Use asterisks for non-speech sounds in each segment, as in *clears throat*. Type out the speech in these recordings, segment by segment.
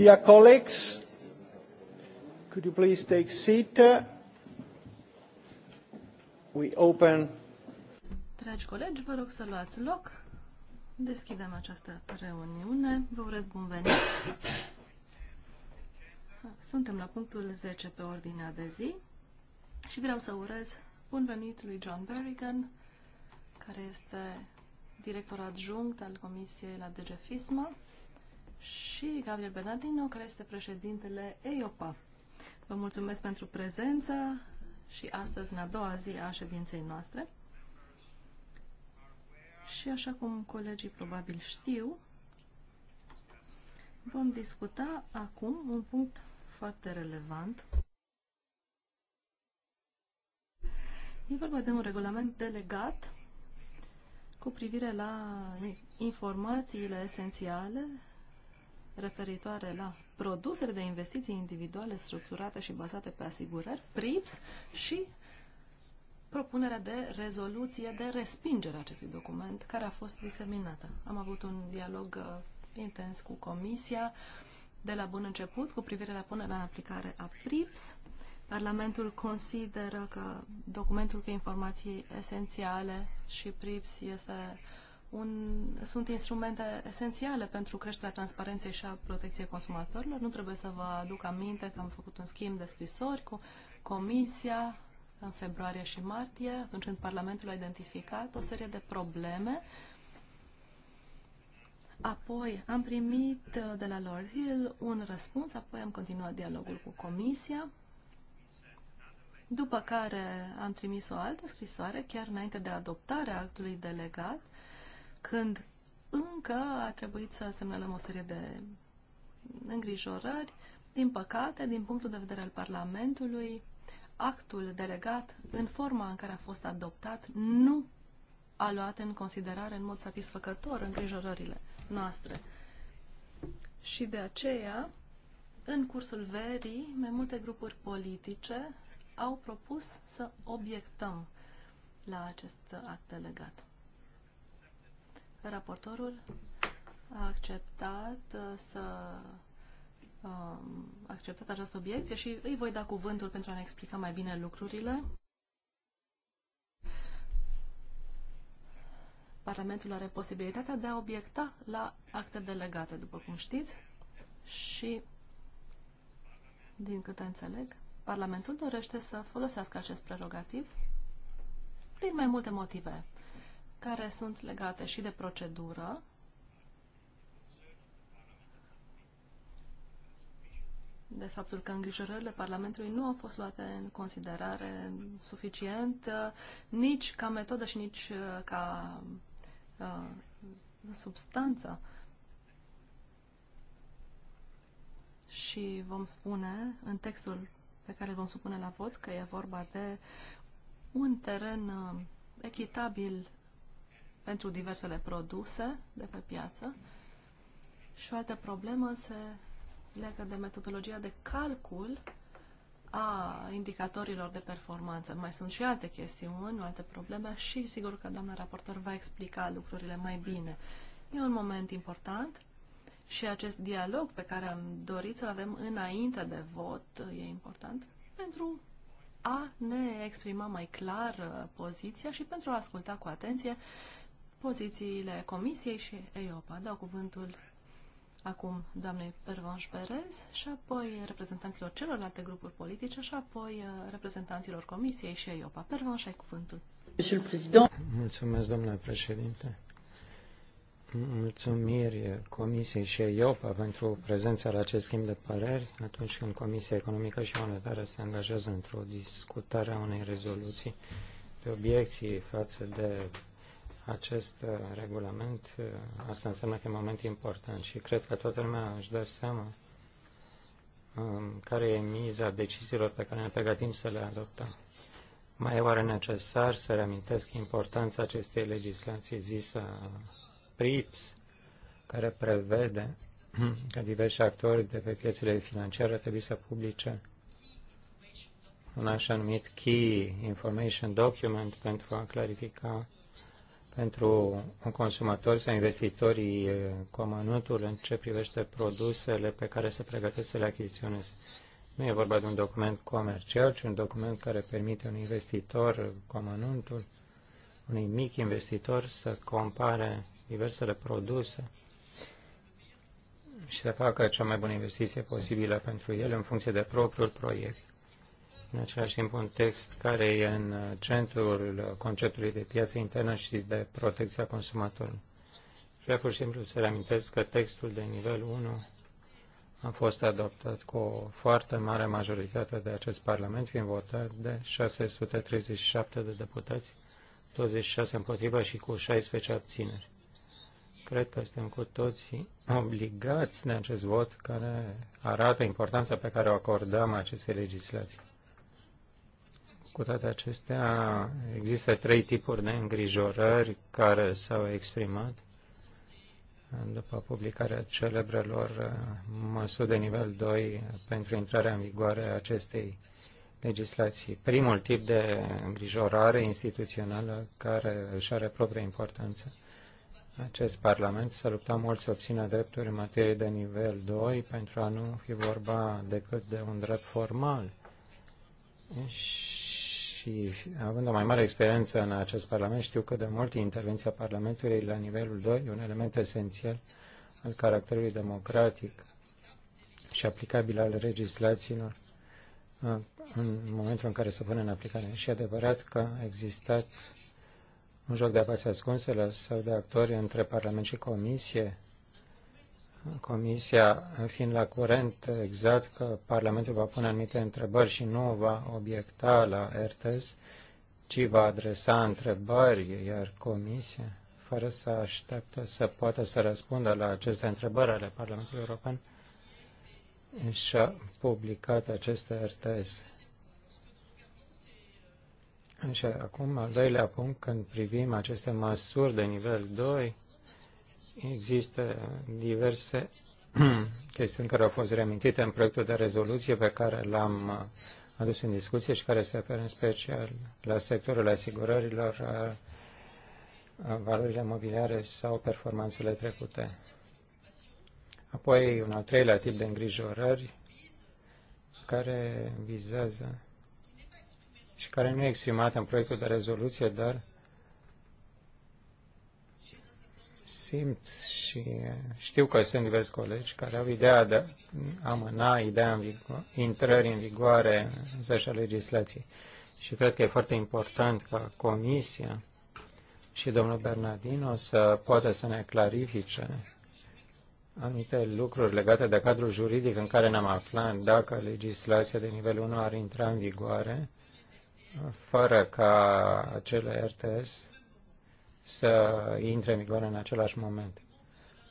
Dear colleagues, could you please take seat? We open. Dragi colegi, vă rog să luați loc. Deschidem această reuniune. Vă urez bun venit. Suntem la punctul 10 pe ordinea de zi și vreau să urez bun venit lui John Berrigan, care este director adjunct al Comisiei la DGFISMA și Gabriel Bernardino, care este președintele EIOPA. Vă mulțumesc pentru prezență și astăzi, în a doua zi a ședinței noastre. Și așa cum colegii probabil știu, vom discuta acum un punct foarte relevant. E vorba de un regulament delegat cu privire la informațiile esențiale referitoare la produsele de investiții individuale structurate și bazate pe asigurări, PRIPS, și propunerea de rezoluție de respingere a acestui document care a fost diseminată. Am avut un dialog uh, intens cu Comisia de la bun început cu privire la punerea în aplicare a PRIPS. Parlamentul consideră că documentul cu informații esențiale și PRIPS este uh, un, sunt instrumente esențiale pentru creșterea transparenței și a protecției consumatorilor. Nu trebuie să vă aduc aminte că am făcut un schimb de scrisori cu Comisia în februarie și martie, atunci când Parlamentul a identificat o serie de probleme. Apoi am primit de la Lord Hill un răspuns, apoi am continuat dialogul cu Comisia, după care am trimis o altă scrisoare, chiar înainte de adoptarea actului delegat, când încă a trebuit să semnalăm o serie de îngrijorări. Din păcate, din punctul de vedere al Parlamentului, actul delegat, în forma în care a fost adoptat, nu a luat în considerare în mod satisfăcător îngrijorările noastre. Și de aceea, în cursul verii, mai multe grupuri politice au propus să obiectăm la acest act delegat. Raportorul a acceptat uh, să um, acceptat această obiecție și îi voi da cuvântul pentru a ne explica mai bine lucrurile. Parlamentul are posibilitatea de a obiecta la acte delegate, după cum știți, și, din câte înțeleg, Parlamentul dorește să folosească acest prerogativ din mai multe motive care sunt legate și de procedură, de faptul că îngrijorările Parlamentului nu au fost luate în considerare suficient, nici ca metodă și nici uh, ca uh, substanță. Și vom spune în textul pe care îl vom supune la vot că e vorba de un teren uh, echitabil pentru diversele produse de pe piață. Și o altă problemă se legă de metodologia de calcul a indicatorilor de performanță. Mai sunt și alte chestiuni, alte probleme și sigur că doamna raportor va explica lucrurile mai bine. E un moment important și acest dialog pe care am dorit să-l avem înainte de vot e important pentru a ne exprima mai clar uh, poziția și pentru a asculta cu atenție pozițiile Comisiei și EIOPA. Dau cuvântul acum doamnei Pervanș Perez și apoi reprezentanților celorlalte grupuri politice și apoi uh, reprezentanților Comisiei și EIOPA. Pervanș, ai cuvântul. Mulțumesc, domnule președinte. Mulțumiri Comisiei și EIOPA pentru prezența la acest schimb de păreri atunci când Comisia Economică și Monetară se angajează într-o discutare a unei rezoluții de obiecții față de acest uh, regulament, uh, asta înseamnă că e un moment important și cred că toată lumea își dă seama um, care e miza deciziilor pe care ne pregătim să le adoptăm. Mai e oare necesar să reamintesc importanța acestei legislații zisă PRIPS, care prevede *clears throat* că diversi actori de pe piețele financiare trebuie să publice un așa numit Key Information Document pentru a clarifica pentru consumatori sau investitorii cu amănuntul în ce privește produsele pe care se pregătesc să le achiziționeze. Nu e vorba de un document comercial, ci un document care permite un investitor cu amănuntul, unui mic investitor să compare diversele produse și să facă cea mai bună investiție posibilă pentru el în funcție de propriul proiect în același timp un text care e în centrul conceptului de piață internă și de protecția consumatorului. Vreau pur și simplu să reamintesc că textul de nivel 1 a fost adoptat cu o foarte mare majoritate de acest Parlament, fiind votat de 637 de deputați, 26 împotriva și cu 16 abțineri. Cred că suntem cu toții obligați de acest vot care arată importanța pe care o acordăm acestei legislații. Cu toate acestea, există trei tipuri de îngrijorări care s-au exprimat după publicarea celebrelor uh, măsuri de nivel 2 pentru intrarea în vigoare a acestei legislații. Primul tip de îngrijorare instituțională care își are propria importanță. Acest Parlament s-a luptat mult să obțină drepturi în materie de nivel 2 pentru a nu fi vorba decât de un drept formal și având o mai mare experiență în acest Parlament, știu că de mult intervenția Parlamentului la nivelul 2 e un element esențial al caracterului democratic și aplicabil al legislațiilor uh, în momentul în care se pune în aplicare. Și adevărat că a existat un joc de apase ascunse sau de actori între Parlament și Comisie Comisia fiind la curent exact că Parlamentul va pune anumite întrebări și nu va obiecta la RTS, ci va adresa întrebări, iar Comisia, fără să aștepte să poată să răspundă la aceste întrebări ale Parlamentului European, și-a publicat aceste RTS. Și acum, al doilea punct, când privim aceste măsuri de nivel 2, Există diverse *clears throat* chestiuni care au fost reamintite în proiectul de rezoluție pe care l-am uh, adus în discuție și care se referă în special la sectorul asigurărilor, uh, uh, valorile mobiliare sau performanțele trecute. Apoi, un al treilea tip de îngrijorări care vizează și care nu e exprimat în proiectul de rezoluție, dar simt și știu că sunt diversi colegi care au ideea de a amâna ideea în vigo- intrării în vigoare zeșa legislației. Și cred că e foarte important ca Comisia și domnul Bernardino să poată să ne clarifice anumite lucruri legate de cadrul juridic în care ne-am aflat, dacă legislația de nivelul 1 ar intra în vigoare, fără ca acele RTS să intre în vigoare în același moment.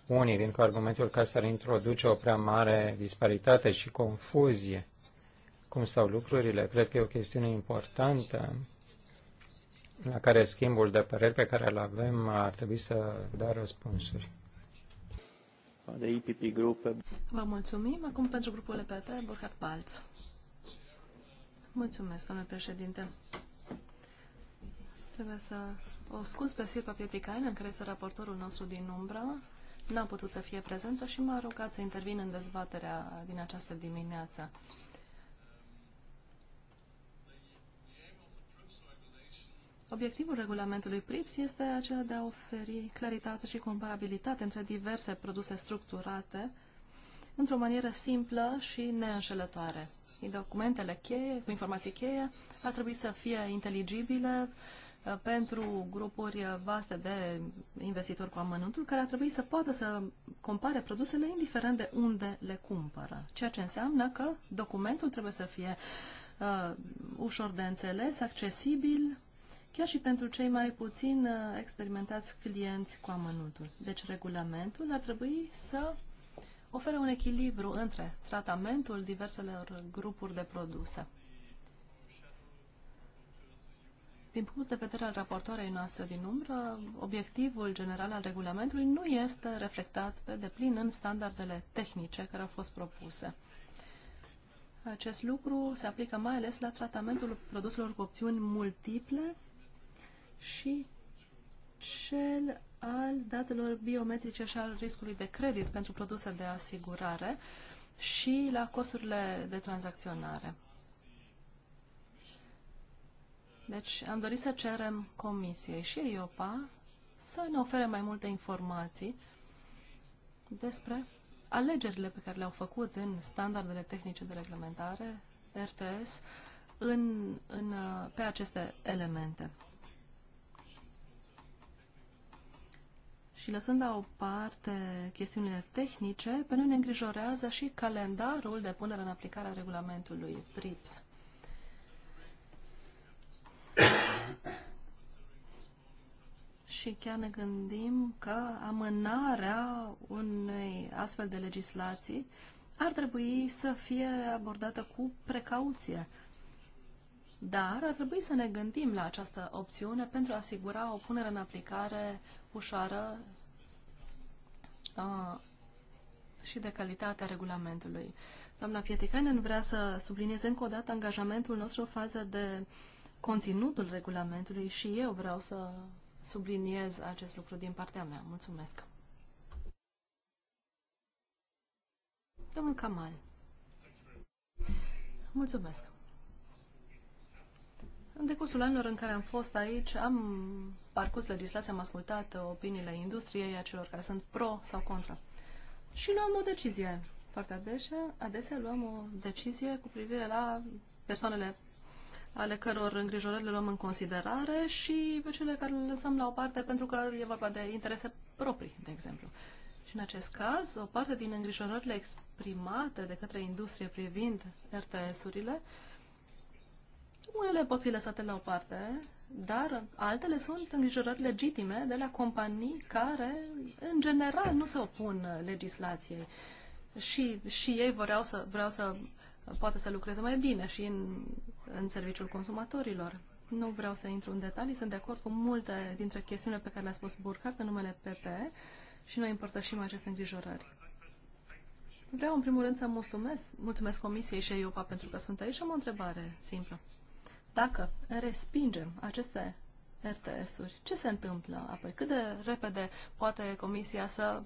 Unii vin cu argumentul că asta ar introduce o prea mare disparitate și confuzie. Cum stau lucrurile? Cred că e o chestiune importantă la care schimbul de păreri pe care îl avem ar trebui să dea răspunsuri. De IPP Group. Vă mulțumim. Acum pentru grupul EPP, Burhard Palț. Mulțumesc, domnule președinte. Trebuie să o scuz pe Silva în care este raportorul nostru din umbră, n-a putut să fie prezentă și m-a rugat să intervin în dezbaterea din această dimineață. Obiectivul regulamentului PRIPS este acela de a oferi claritate și comparabilitate între diverse produse structurate într-o manieră simplă și neînșelătoare. Documentele cheie, cu informații cheie, ar trebui să fie inteligibile, uh, Uh, pentru grupuri uh, vaste de investitori cu amănuntul care ar trebui să poată să compare produsele indiferent de unde le cumpără. Ceea ce înseamnă că documentul trebuie să fie uh, ușor de înțeles, accesibil, chiar și pentru cei mai puțin uh, experimentați clienți cu amănuntul. Deci regulamentul ar trebui să ofere un echilibru între tratamentul diverselor grupuri de produse. Din punct de vedere al raportoarei noastre din umbră, obiectivul general al regulamentului nu este reflectat pe deplin în standardele tehnice care au fost propuse. Acest lucru se aplică mai ales la tratamentul produselor cu opțiuni multiple și cel al datelor biometrice și al riscului de credit pentru produse de asigurare și la costurile de tranzacționare. Deci am dorit să cerem Comisiei și IOPA să ne ofere mai multe informații despre alegerile pe care le-au făcut în standardele tehnice de reglementare, RTS, în, în, pe aceste elemente. Și lăsând la o parte chestiunile tehnice, pe noi ne îngrijorează și calendarul de punere în aplicare a regulamentului PRIPS. și chiar ne gândim că amânarea unei astfel de legislații ar trebui să fie abordată cu precauție. Dar ar trebui să ne gândim la această opțiune pentru a asigura o punere în aplicare ușoară a, uh, și de calitate a regulamentului. Doamna Pieticainen vrea să sublinieze încă o dată angajamentul nostru față de conținutul regulamentului și eu vreau să subliniez acest lucru din partea mea. Mulțumesc. Domnul Kamal. Mulțumesc. În decursul anilor în care am fost aici, am parcurs legislația, am ascultat opiniile industriei, a celor care sunt pro sau contra. Și luam o decizie. Foarte adesea, adesea luăm o decizie cu privire la persoanele ale căror îngrijorări le luăm în considerare și pe cele care le lăsăm la o parte pentru că e vorba de interese proprii, de exemplu. Și în acest caz, o parte din îngrijorările exprimate de către industrie privind RTS-urile, unele pot fi lăsate la o parte, dar altele sunt îngrijorări legitime de la companii care, în general, nu se opun legislației. Și, și ei vreau să, vreau să poate să lucreze mai bine și în, în serviciul consumatorilor. Nu vreau să intru în detalii, sunt de acord cu multe dintre chestiunile pe care le-a spus Burkhardt în numele PP și noi împărtășim aceste îngrijorări. Vreau în primul rând să mulțumesc, mulțumesc Comisiei și EUPA pentru că sunt aici și am o întrebare simplă. Dacă respingem aceste RTS-uri, ce se întâmplă apoi? Cât de repede poate Comisia să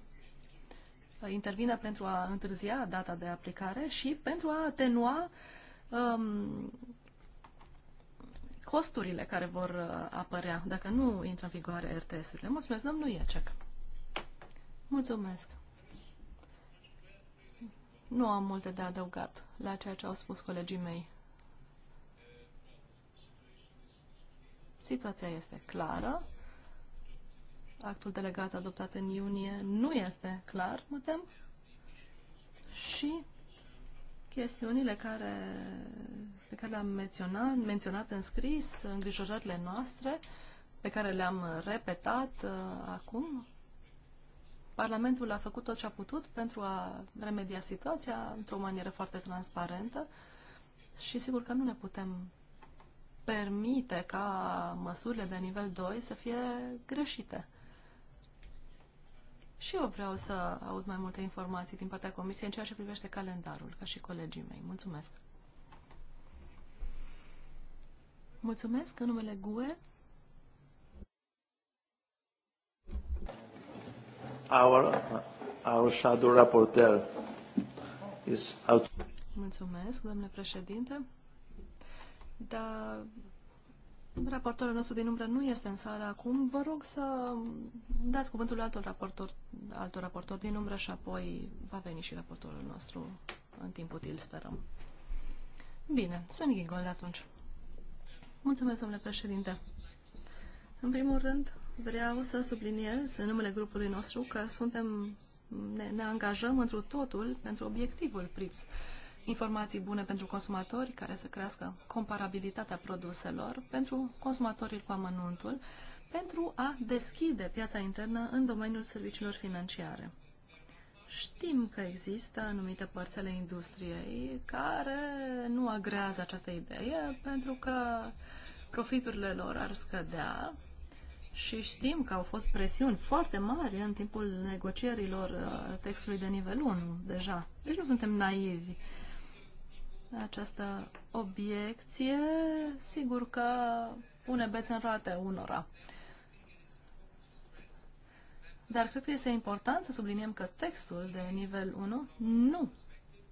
intervine pentru a întârzia data de aplicare și pentru a atenua um, costurile care vor uh, apărea dacă nu intră în vigoare RTS-urile. Mulțumesc, domnul Iacek. Mulțumesc. Nu am multe de adăugat la ceea ce au spus colegii mei. Situația este clară actul delegat adoptat în iunie nu este clar, mă tem, și chestiunile care, pe care le-am menționat, menționat în scris, îngrijorările noastre, pe care le-am repetat uh, acum, Parlamentul a făcut tot ce a putut pentru a remedia situația într-o manieră foarte transparentă și sigur că nu ne putem permite ca măsurile de nivel 2 să fie greșite. Și eu vreau să aud mai multe informații din partea Comisiei în ceea ce privește calendarul, ca și colegii mei. Mulțumesc! Mulțumesc în numele GUE. Our, our shadow reporter is out. Mulțumesc, domnule președinte. Da, Raportorul nostru din umbră nu este în sală acum. Vă rog să dați cuvântul altor raportor, altor raportor din umbră și apoi va veni și raportorul nostru în timp util, sperăm. Bine, sunt Gigol atunci. Mulțumesc, domnule președinte. În primul rând, vreau să subliniez în numele grupului nostru că suntem, ne, ne angajăm întru totul pentru obiectivul PRIPS informații bune pentru consumatori, care să crească comparabilitatea produselor, pentru consumatorii cu amănuntul, pentru a deschide piața internă în domeniul serviciilor financiare. Știm că există anumite părți ale industriei care nu agrează această idee pentru că profiturile lor ar scădea și știm că au fost presiuni foarte mari în timpul negocierilor uh, textului de nivel 1 deja. Deci nu suntem naivi. Uh, această obiecție, sigur că pune bețe în roate unora. Dar cred că este important să subliniem că textul de nivel 1 nu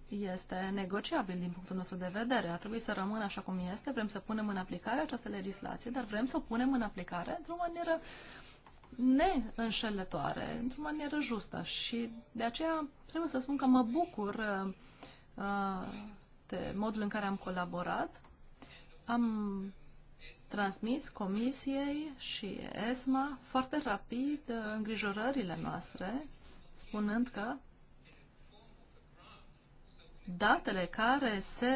este negociabil din punctul nostru de vedere. Ar trebui să rămână așa cum este, vrem să punem în aplicare această legislație, dar vrem să o punem în aplicare într-o manieră neînșelătoare, într-o manieră justă. Și de aceea trebuie să spun că mă bucur uh, departe modul în care am colaborat. Am transmis Comisiei și ESMA foarte rapid uh, îngrijorările noastre, spunând că datele care se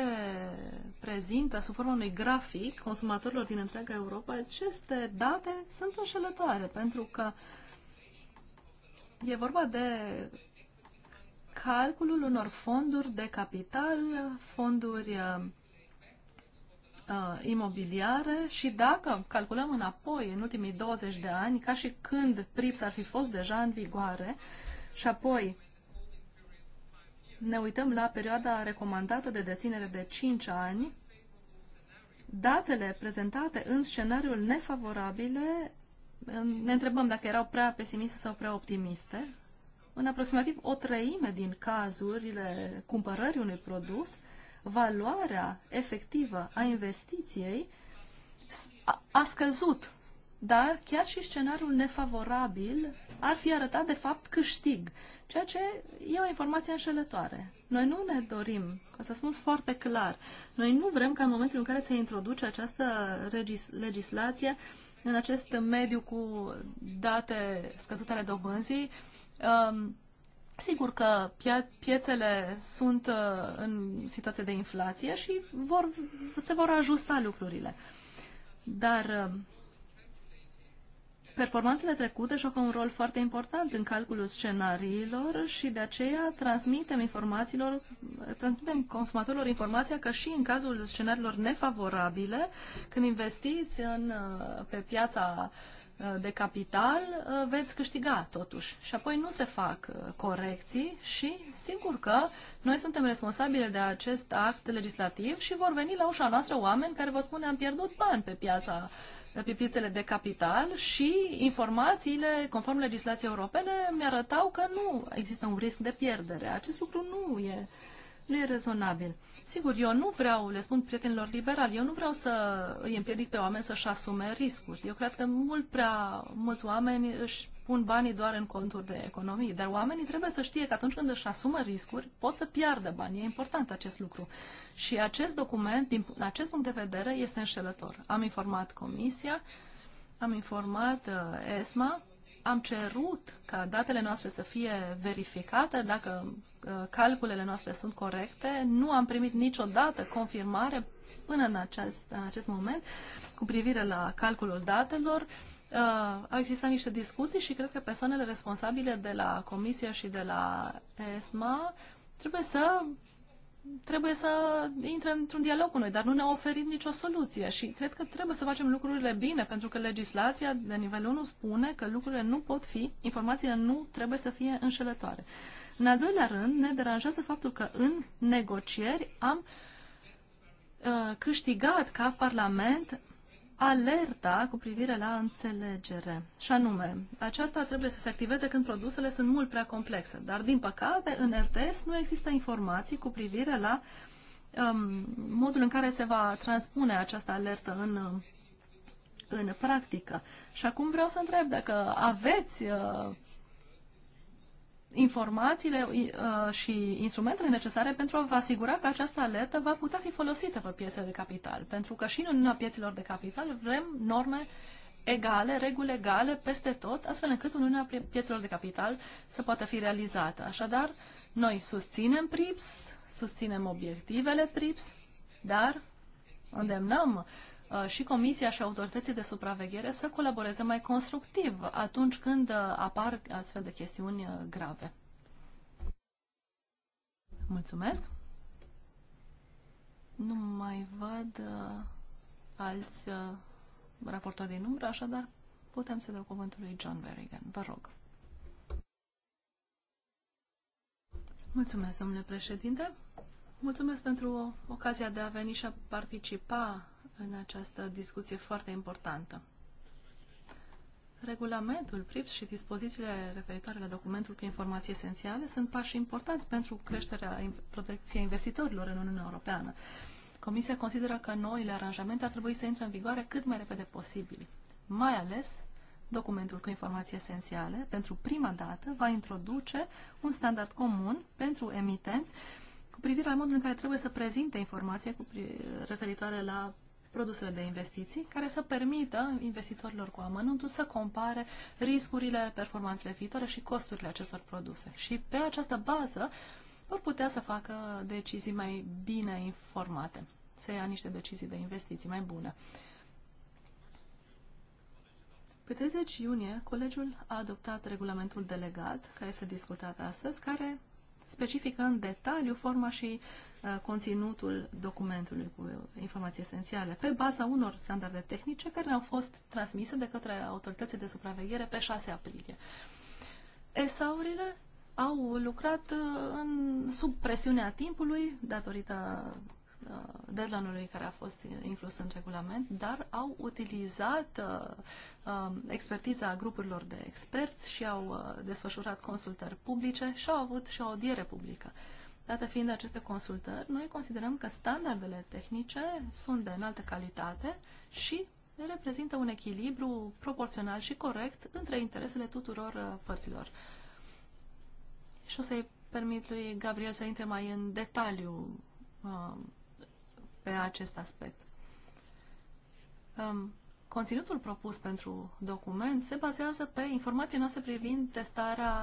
prezintă sub formă unui grafic consumatorilor din întreaga Europa, aceste date sunt înșelătoare, pentru că e vorba de calculul unor fonduri de capital, fonduri uh, uh, imobiliare și dacă calculăm înapoi, în ultimii 20 de ani, ca și când PRIPS ar fi fost deja în vigoare și apoi ne uităm la perioada recomandată de deținere de 5 ani, datele prezentate în scenariul nefavorabile, ne întrebăm dacă erau prea pesimiste sau prea optimiste în aproximativ o treime din cazurile cumpărării unui produs, valoarea efectivă a investiției a scăzut, dar chiar și scenariul nefavorabil ar fi arătat de fapt câștig, ceea ce e o informație înșelătoare. Noi nu ne dorim, ca să spun foarte clar, noi nu vrem ca în momentul în care se introduce această legislație în acest mediu cu date scăzute ale dobânzii, Um, Sigur că piețele sunt uh, în situație de inflație și vor, se vor ajusta lucrurile. Dar um, performanțele trecute joacă un rol foarte important în calculul scenariilor și de aceea transmitem informațiilor, transmitem consumatorilor informația că și în cazul scenariilor nefavorabile, când investiți în, uh, pe piața uh, Uh, de capital, uh, veți câștiga totuși. Și apoi nu se fac uh, corecții și sigur că noi suntem responsabile de acest act legislativ și vor veni la ușa noastră oameni care vă spune am pierdut bani pe piața pe piețele de capital și informațiile conform legislației europene mi-arătau că nu există un risc de pierdere. Acest lucru nu e, nu e rezonabil. Sigur, eu nu vreau, le spun prietenilor liberali, eu nu vreau să îi împiedic pe oameni să-și asume riscuri. Eu cred că mult prea mulți oameni își pun banii doar în conturi de economie. dar oamenii trebuie să știe că atunci când își asumă riscuri, pot să piardă bani. E important acest lucru. Și acest document, din acest punct de vedere, este înșelător. Am informat Comisia, am informat uh, ESMA, am cerut ca datele noastre să fie verificate, dacă uh, calculele noastre sunt corecte. Nu am primit niciodată confirmare până în acest, în acest moment cu privire la calculul datelor. Uh, au existat niște discuții și cred că persoanele responsabile de la Comisie și de la ESMA trebuie să trebuie să intre într-un dialog cu noi, dar nu ne-au oferit nicio soluție și cred că trebuie să facem lucrurile bine, pentru că legislația de nivel 1 spune că lucrurile nu pot fi, informațiile nu trebuie să fie înșelătoare. În al doilea rând, ne deranjează faptul că în negocieri am uh, câștigat ca Parlament alerta cu privire la înțelegere. Și anume, aceasta trebuie să se activeze când produsele sunt mult prea complexe. Dar, din păcate, în RTS nu există informații cu privire la um, modul în care se va transpune această alertă în, în practică. Și acum vreau să întreb dacă aveți uh, informațiile uh, și instrumentele necesare pentru a vă asigura că această alertă va putea fi folosită pe piețele de capital. Pentru că și în Uniunea Pieților de Capital vrem norme egale, reguli egale peste tot, astfel încât Uniunea Pieților de Capital să poată fi realizată. Așadar, noi susținem PRIPS, susținem obiectivele PRIPS, dar îndemnăm Uh, și Comisia și autorității de supraveghere să colaboreze mai constructiv atunci când uh, apar astfel de chestiuni uh, grave. Mulțumesc! Nu mai văd alți raportori din umbră, așadar putem să dau cuvântul lui John Berrigan. Vă rog. Mulțumesc, domnule președinte. Mulțumesc pentru ocazia de a veni și a participa în această discuție foarte importantă. Regulamentul PRIPS și dispozițiile referitoare la documentul cu informații esențiale sunt pași importanți pentru creșterea protecției investitorilor în Uniunea Europeană. Comisia consideră că noile aranjamente ar trebui să intre în vigoare cât mai repede posibil. Mai ales, documentul cu informații esențiale, pentru prima dată, va introduce un standard comun pentru emitenți cu privire la modul în care trebuie să prezinte informații cu referitoare la produsele de investiții, care să permită investitorilor cu amănuntul să compare riscurile, performanțele viitoare și costurile acestor produse. Și pe această bază vor putea să facă decizii mai bine informate, să ia niște decizii de investiții mai bune. Pe 30 iunie, colegiul a adoptat regulamentul delegat, care este discutat astăzi, care specifică în detaliu forma și uh, conținutul documentului cu informații esențiale, pe baza unor standarde tehnice care au fost transmise de către autoritățile de supraveghere pe 6 aprilie. ESAurile au lucrat uh, în, sub presiunea timpului, datorită uh, deadline-ului care a fost inclus în regulament, dar au utilizat Um, expertiza grupurilor de experți și au uh, desfășurat consultări publice și au avut și o audiere publică. Dată fiind aceste consultări, noi considerăm că standardele tehnice sunt de înaltă calitate și reprezintă un echilibru proporțional și corect între interesele tuturor uh, părților. Și o să-i permit lui Gabriel să intre mai în detaliu um, pe acest aspect. Um, Conținutul propus pentru document se bazează pe informații noastre privind testarea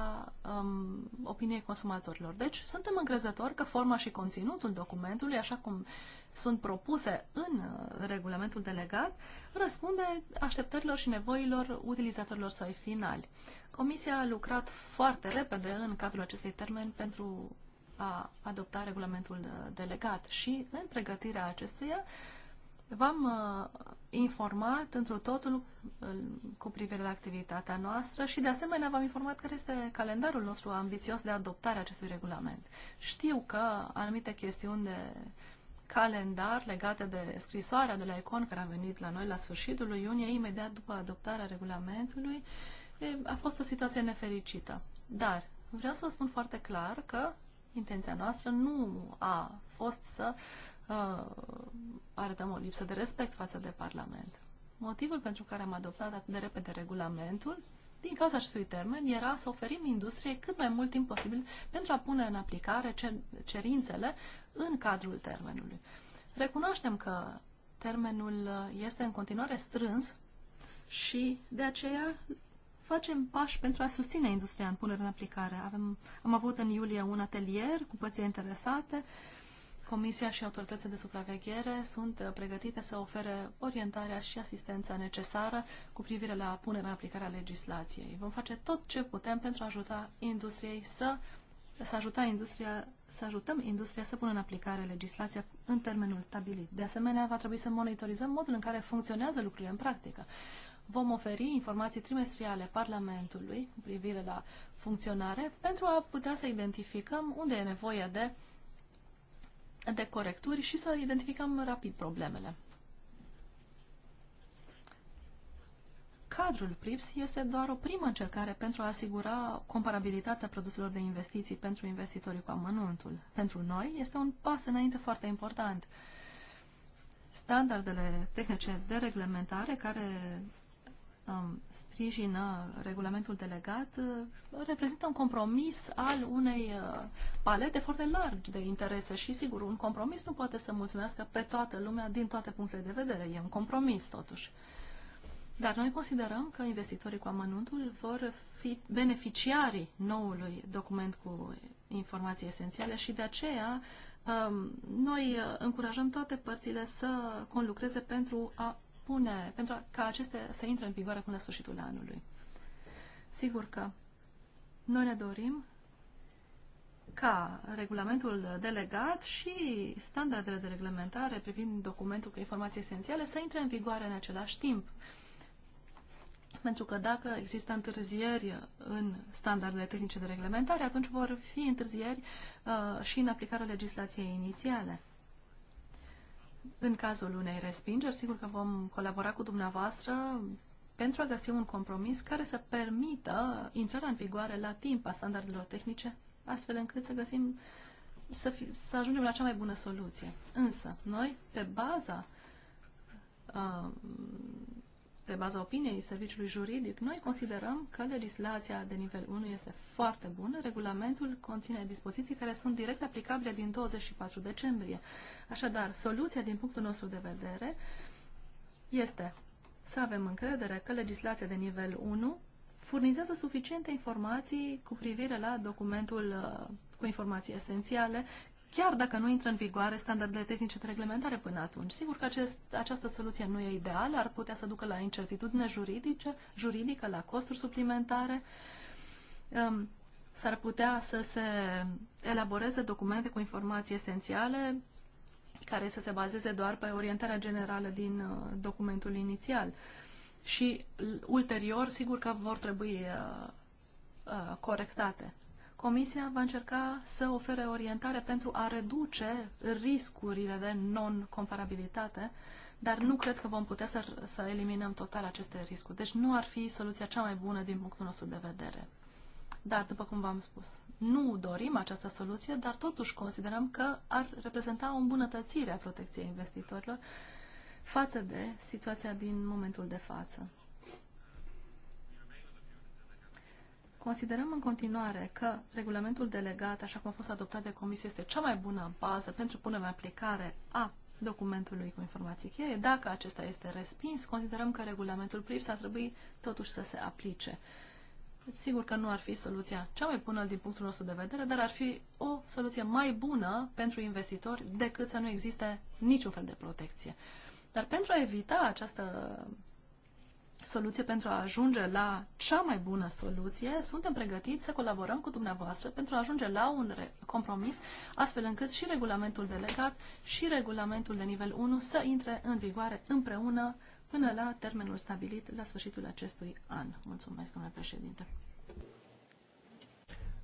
um, opiniei consumatorilor. Deci, suntem încrezători că forma și conținutul documentului, așa cum sunt propuse în uh, regulamentul delegat, răspunde așteptărilor și nevoilor utilizatorilor săi finali. Comisia a lucrat foarte repede în cadrul acestei termeni pentru a adopta regulamentul uh, delegat și în pregătirea acestuia V-am uh, informat într-o totul uh, cu privire la activitatea noastră și de asemenea v-am informat care este calendarul nostru ambițios de adoptare a acestui regulament. Știu că anumite chestiuni de calendar legate de scrisoarea de la Econ care a venit la noi la sfârșitul lui iunie, imediat după adoptarea regulamentului, e, a fost o situație nefericită. Dar vreau să vă spun foarte clar că intenția noastră nu a fost să uh, arătăm o lipsă de respect față de Parlament. Motivul pentru care am adoptat atât de repede regulamentul, din cauza acestui termen, era să oferim industriei cât mai mult timp posibil pentru a pune în aplicare cerințele în cadrul termenului. Recunoaștem că termenul este în continuare strâns și de aceea facem pași pentru a susține industria în punere în aplicare. Avem, am avut în iulie un atelier cu părții interesate, uh, Comisia și autoritățile de supraveghere sunt uh, pregătite să ofere orientarea și asistența necesară cu privire la punerea în aplicare a legislației. Vom face tot ce putem pentru a ajuta industriei să să, ajuta industria, să ajutăm industria să pună în aplicare legislația în termenul stabilit. De asemenea, va trebui să monitorizăm modul în care funcționează lucrurile în practică. Vom oferi informații trimestriale Parlamentului cu privire la funcționare pentru a putea să identificăm unde e nevoie de uh, de corecturi și să identificăm rapid problemele. Cadrul PRIPS este doar o primă încercare pentru a asigura comparabilitatea produselor de investiții pentru investitorii cu amănuntul. Pentru noi este un pas înainte foarte important. Standardele tehnice de reglementare care um, sprijină regulamentul delegat uh, reprezintă un compromis al unei uh, palete foarte largi de interese și, sigur, un compromis nu poate să mulțumească pe toată lumea din toate punctele de vedere. E un compromis, totuși. Dar noi considerăm că investitorii cu amănuntul vor fi beneficiarii noului document cu informații esențiale și de aceea um, noi uh, încurajăm toate părțile să conlucreze pentru a pune, pentru ca acestea să intre în vigoare până la sfârșitul anului. Sigur că noi ne dorim ca regulamentul delegat și standardele de reglementare privind documentul cu informații esențiale să intre în vigoare în același timp. Pentru că dacă există întârzieri în standardele tehnice de reglementare, atunci vor fi întârzieri uh, și în aplicarea legislației inițiale. În cazul unei respingeri, sigur că vom colabora cu dumneavoastră pentru a găsi un compromis care să permită intrarea în vigoare la timp a standardelor tehnice, astfel încât să găsim să, fi, să ajungem la cea mai bună soluție. Însă, noi, pe baza uh, pe baza opiniei serviciului juridic, noi considerăm că legislația de nivel 1 este foarte bună. Regulamentul conține dispoziții care sunt direct aplicabile din 24 decembrie. Așadar, soluția din punctul nostru de vedere este să avem încredere că legislația de nivel 1 furnizează suficiente informații cu privire la documentul uh, cu informații esențiale chiar dacă nu intră în vigoare standardele tehnice de reglementare până atunci. Sigur că acest, această soluție nu e ideală, ar putea să ducă la incertitudine juridice, juridică, la costuri suplimentare. Um, s-ar putea să se elaboreze documente cu informații esențiale care să se bazeze doar pe orientarea generală din uh, documentul inițial. Și ulterior, sigur că vor trebui uh, uh, corectate. Comisia va încerca să ofere orientare pentru a reduce riscurile de non-comparabilitate, dar nu cred că vom putea să, să eliminăm total aceste riscuri. Deci nu ar fi soluția cea mai bună din punctul nostru de vedere. Dar, după cum v-am spus, nu dorim această soluție, dar totuși considerăm că ar reprezenta o îmbunătățire a protecției investitorilor față de situația din momentul de față. Considerăm în continuare că regulamentul delegat, așa cum a fost adoptat de comisie, este cea mai bună bază pentru punerea în aplicare a documentului cu informații cheie. Dacă acesta este respins, considerăm că regulamentul PRIPS ar trebui totuși să se aplice. Sigur că nu ar fi soluția cea mai bună din punctul nostru de vedere, dar ar fi o soluție mai bună pentru investitori decât să nu existe niciun fel de protecție. Dar pentru a evita această soluție pentru a ajunge la cea mai bună soluție, suntem pregătiți să colaborăm cu dumneavoastră pentru a ajunge la un compromis, astfel încât și regulamentul delegat și regulamentul de nivel 1 să intre în vigoare împreună până la termenul stabilit la sfârșitul acestui an. Mulțumesc, domnule președinte.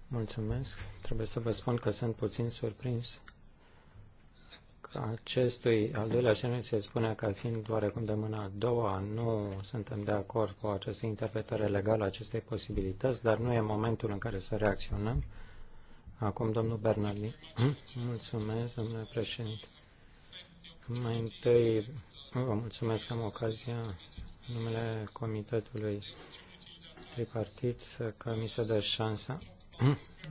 Mulțumesc. Trebuie să vă spun că sunt puțin surprins acestui al doilea genunchi se spune ca fiind oarecum de mâna a doua. Nu suntem de acord cu această interpretare legală a acestei posibilități, dar nu e momentul în care să reacționăm. Acum, domnul Bernardi. Mulțumesc, domnule președinte. Mai întâi, vă mulțumesc că am ocazia numele Comitetului Tripartit că mi se dă șansa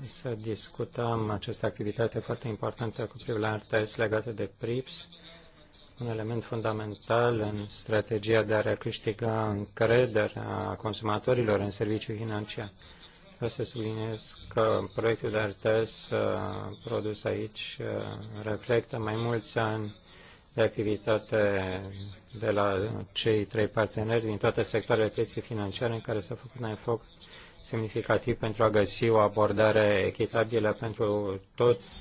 să discutăm această activitate foarte importantă cu privire la RTS legată de PRIPS, un element fundamental în strategia de a recâștiga încrederea consumatorilor în serviciul financiar. Vreau să subliniez că proiectul de RTS uh, produs aici uh, reflectă mai mulți ani de activitate de la cei trei parteneri din toate sectoarele pieței financiare în care s-a făcut mai foc semnificativ pentru a găsi o abordare echitabilă pentru toți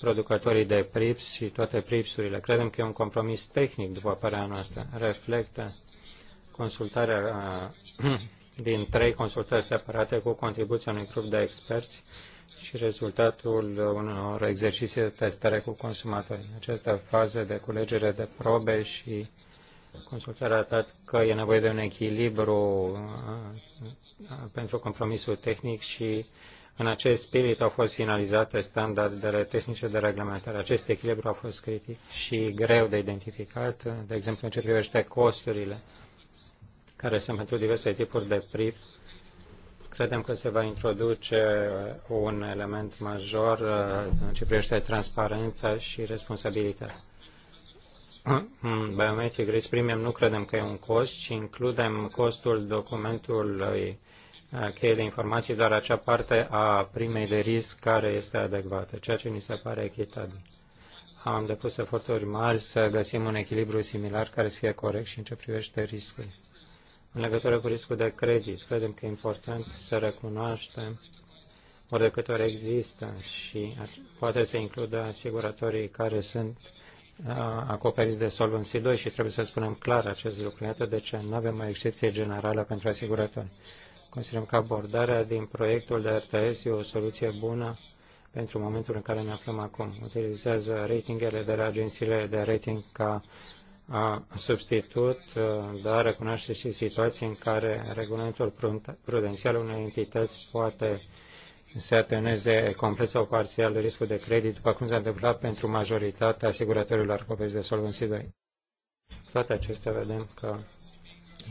producătorii de prips și toate pripsurile. Credem că e un compromis tehnic, după părerea noastră. Reflectă consultarea *clears throat* din trei consultări separate cu contribuția unui grup de experți și rezultatul unor exerciții de testare cu consumatorii. În această fază de culegere de probe și Consultarea a arătat că e nevoie de un echilibru uh, uh, pentru compromisul tehnic și în acest spirit au fost finalizate standardele tehnice de reglementare. Acest echilibru a fost critic și greu de identificat, uh, de exemplu în ce privește costurile care sunt pentru diverse tipuri de PRIP. Credem că se va introduce un element major în ce privește transparența și responsabilitatea. Biometric Risk Premium nu credem că e un cost, ci includem costul documentului cheie de informații, doar acea parte a primei de risc care este adecvată, ceea ce ni se pare echitabil. Am depus eforturi mari să găsim un echilibru similar care să fie corect și în ce privește riscul. În legătură cu riscul de credit, credem că e important să recunoaștem ori de câte ori există și poate să includă asiguratorii care sunt uh, acoperiți de Solvency 2 și trebuie să spunem clar acest lucru. Iată de ce nu avem o excepție generală pentru asigurători. Considerăm că abordarea din proiectul de RTS e o soluție bună pentru momentul în care ne aflăm acum. Utilizează ratingele de la agențiile de rating ca a substitut, dar recunoaște și situații în care regulamentul prudențial unei entități poate se ateneze complet sau parțial riscul de credit, după cum s-a întâmplat pentru majoritatea asiguratorilor acoperiți de Solvency 2. Toate acestea vedem că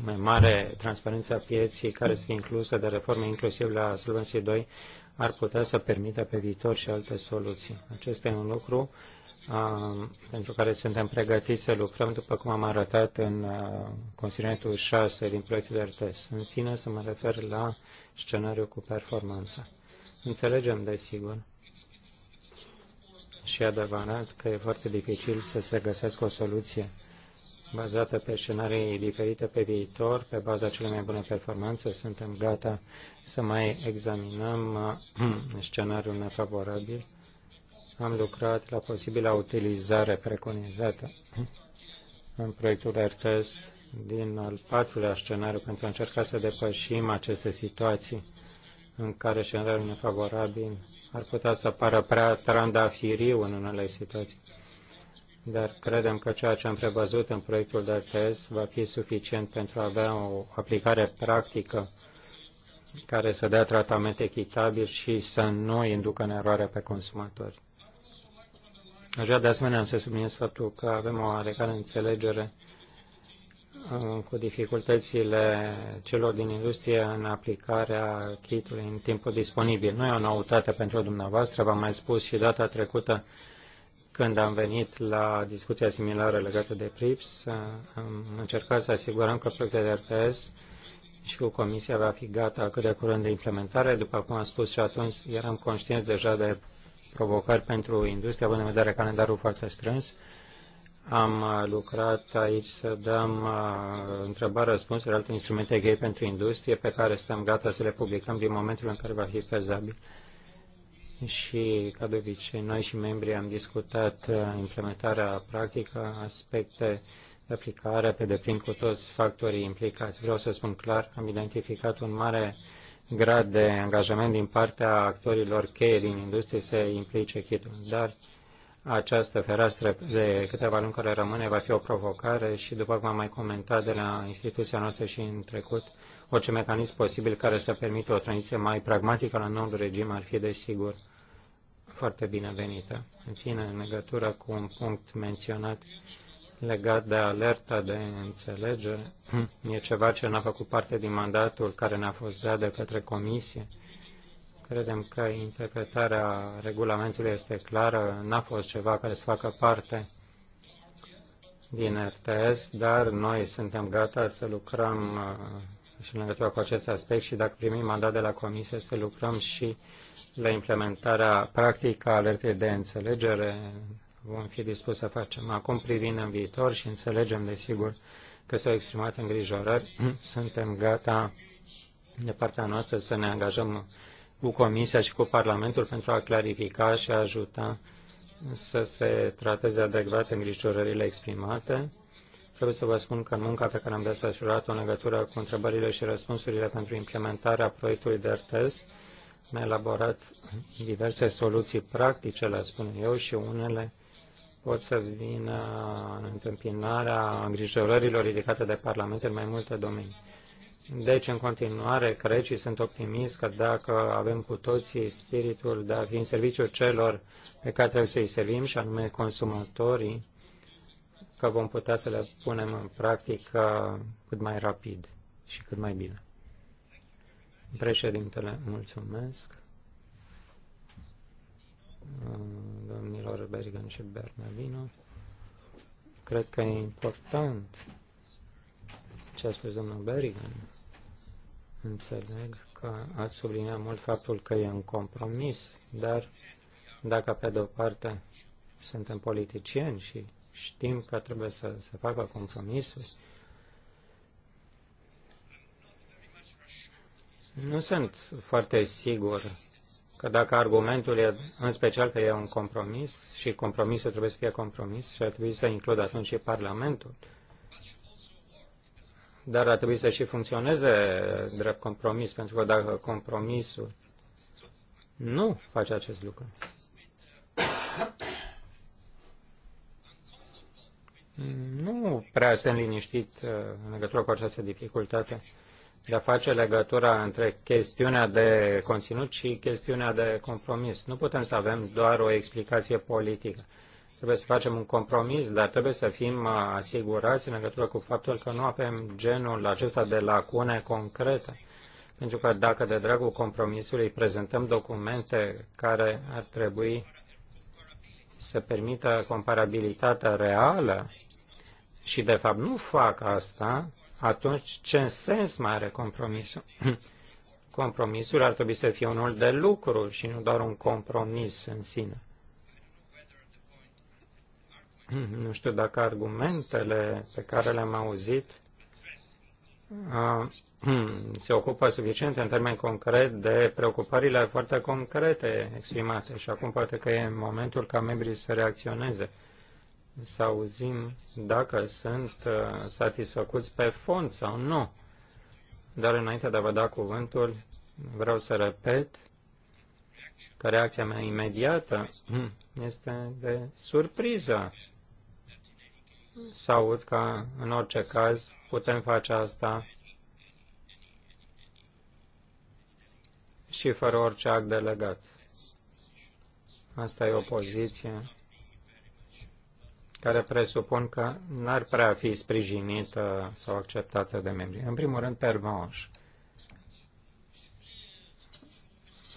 mai mare transparență a pieții care să fie inclusă de reforme inclusiv la Solvency 2 ar putea să permită pe viitor și alte soluții. Acesta e un lucru a, um, pentru care suntem pregătiți să lucrăm, după cum am arătat în uh, considerentul 6 din proiectul de RTS. În fine, să mă refer la scenariul cu performanță. Înțelegem, desigur, și adevărat că e foarte dificil să se găsească o soluție bazată pe scenarii diferite pe viitor, pe baza cele mai bune performanțe. Suntem gata să mai examinăm uh, *clears throat* scenariul nefavorabil. Am lucrat la posibilă utilizare preconizată în proiectul RTS din al patrulea scenariu pentru a încerca să depășim aceste situații în care scenariul nefavorabil ar putea să pară prea trandafiriu în unele situații. Dar credem că ceea ce am prevăzut în proiectul de test va fi suficient pentru a avea o aplicare practică care să dea tratament echitabil și să nu inducă în eroare pe consumatori. Aș vrea de asemenea să subliniez faptul că avem o oarecare înțelegere cu dificultățile celor din industrie în aplicarea chitului în timpul disponibil. Nu e o noutate pentru dumneavoastră, v-am mai spus și data trecută când am venit la discuția similară legată de PRIPS, am încercat să asigurăm că proiectul de RTS și cu Comisia va fi gata cât de curând de implementare. După cum am spus și atunci, eram conștienți deja de provocări pentru industria, având în vedere calendarul foarte strâns am uh, lucrat aici să dăm uh, întrebare răspunsuri în alte instrumente gay pentru industrie pe care suntem gata să le publicăm din momentul în care va fi fezabil. Și, ca de obicei, noi și membrii am discutat uh, implementarea practică, aspecte de aplicare pe deplin cu toți factorii implicați. Vreau să spun clar, am identificat un mare grad de angajament din partea actorilor cheie din industrie să implice chitul, dar această fereastră de câteva luni care rămâne va fi o provocare și, după cum am mai comentat de la instituția noastră și în trecut, orice mecanism posibil care să permită o tranziție mai pragmatică la noul regim ar fi, desigur, foarte binevenită. În fine, în legătură cu un punct menționat legat de alerta de înțelegere, *clears throat* e ceva ce n-a făcut parte din mandatul care ne-a fost dat de către comisie Credem că interpretarea regulamentului este clară, n-a fost ceva care să facă parte din RTS, dar noi suntem gata să lucrăm uh, și în legătură cu acest aspect și dacă primim mandat de la Comisie să lucrăm și la implementarea practică a alertei de înțelegere, vom fi dispuși să facem. Acum privind în viitor și înțelegem, desigur, că s-au exprimat îngrijorări, *clears throat* suntem gata de partea noastră să ne angajăm cu Comisia și cu Parlamentul pentru a clarifica și a ajuta să se trateze adecvat îngrijorările exprimate. Trebuie să vă spun că în munca pe care am desfășurat-o în legătură cu întrebările și răspunsurile pentru implementarea proiectului de RTS, am elaborat diverse soluții practice, le spun eu, și unele pot să vină în întâmpinarea îngrijorărilor ridicate de Parlament în mai multe domenii. Deci, în continuare, cred și sunt optimist că dacă avem cu toții spiritul de a fi în serviciul celor pe care trebuie să-i servim, și anume consumatorii, că vom putea să le punem în practică cât mai rapid și cât mai bine. Președintele, mulțumesc. Domnilor Bergen și Bernardino, cred că e important ce a spus domnul Berigan. Înțeleg că ați subliniat mult faptul că e un compromis, dar dacă pe de-o parte suntem politicieni și știm că trebuie să se facă compromisuri, nu sunt foarte sigur că dacă argumentul e în special că e un compromis și compromisul trebuie să fie compromis și ar trebui să includă atunci și Parlamentul, dar ar trebui să și funcționeze drept compromis, pentru că dacă compromisul nu face acest lucru, nu prea sunt liniștit uh, în legătură cu această dificultate de a face legătura între chestiunea de conținut și chestiunea de compromis. Nu putem să avem doar o explicație politică. Trebuie să facem un compromis, dar trebuie să fim uh, asigurați în legătură cu faptul că nu avem genul acesta de lacune concrete. Pentru că dacă de dragul compromisului prezentăm documente care ar trebui să permită comparabilitatea reală și de fapt nu fac asta, atunci ce sens mai are compromisul? *clears throat* compromisul ar trebui să fie unul de lucru și nu doar un compromis în sine. Nu știu dacă argumentele pe care le-am auzit uh, se ocupă suficient în termeni concret de preocupările foarte concrete exprimate și acum poate că e momentul ca membrii să reacționeze, să auzim dacă sunt uh, satisfăcuți pe fond sau nu. Dar înainte de a vă da cuvântul, vreau să repet că reacția mea imediată este de surpriză să aud că, în orice caz, putem face asta și fără orice act delegat. Asta e o poziție care presupun că n-ar prea fi sprijinită sau acceptată de membri. În primul rând, pervanș.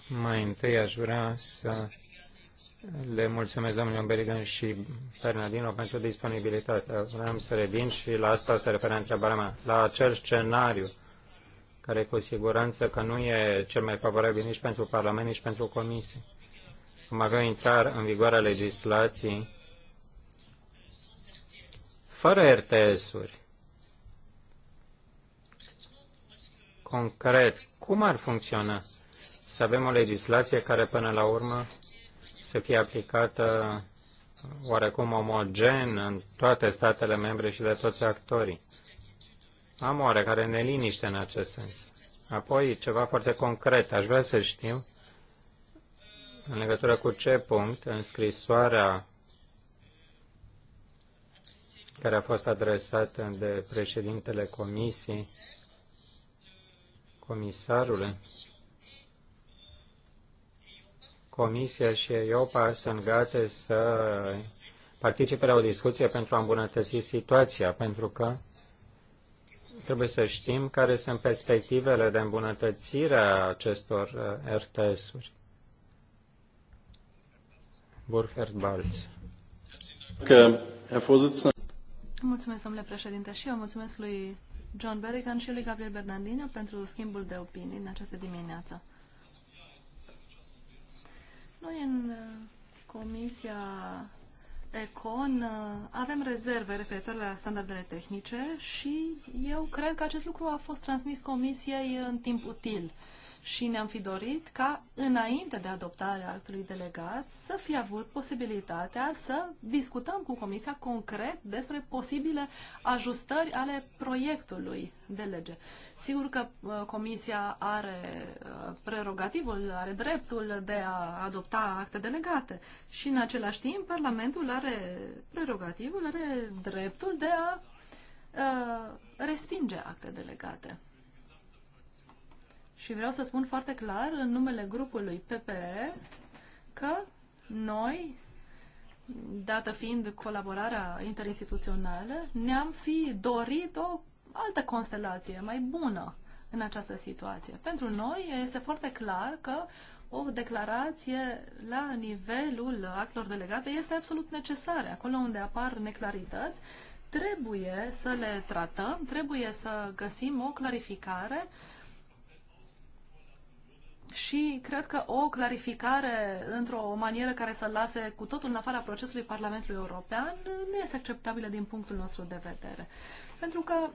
Mai întâi aș vrea să le mulțumesc domnului Berigan și Bernardino pentru disponibilitate. Vreau să revin și la asta se referă întrebarea mea. La acel scenariu care cu siguranță că nu e cel mai favorabil nici pentru Parlament, nici pentru Comisie. Cum avea intrar în vigoarea legislații fără RTS-uri. Concret, cum ar funcționa să avem o legislație care până la urmă să fie aplicată oarecum omogen în toate statele membre și de toți actorii. Am oarecare neliniște în acest sens. Apoi, ceva foarte concret. Aș vrea să știu în legătură cu ce punct în scrisoarea care a fost adresată de președintele comisiei, comisarului, Comisia și EIOPA sunt gata să participe la o discuție pentru a îmbunătăți situația, pentru că trebuie să știm care sunt perspectivele de îmbunătățire a acestor uh, RTS-uri. Burkhard Balz. Mulțumesc, domnule președinte, și eu mulțumesc lui John Berrigan și lui Gabriel Bernardino pentru schimbul de opinii în această dimineață. Noi în uh, Comisia Econ uh, avem rezerve referitoare la standardele tehnice și eu cred că acest lucru a fost transmis Comisiei în timp util și ne-am fi dorit ca, înainte de adoptarea actului delegat, să fi avut posibilitatea să discutăm cu Comisia concret despre posibile ajustări ale proiectului de lege. Sigur că uh, Comisia are uh, prerogativul, are dreptul de a adopta acte delegate și, în același timp, Parlamentul are prerogativul, are dreptul de a uh, respinge acte delegate. Și vreau să spun foarte clar, în numele grupului PPE, că noi, dată fiind colaborarea interinstituțională, ne-am fi dorit o altă constelație mai bună în această situație. Pentru noi este foarte clar că o declarație la nivelul actelor delegate este absolut necesară. Acolo unde apar neclarități, trebuie să le tratăm, trebuie să găsim o clarificare uh, și cred că o clarificare într-o manieră care să lase cu totul în afara procesului Parlamentului European nu este acceptabilă din punctul nostru de vedere. Pentru că,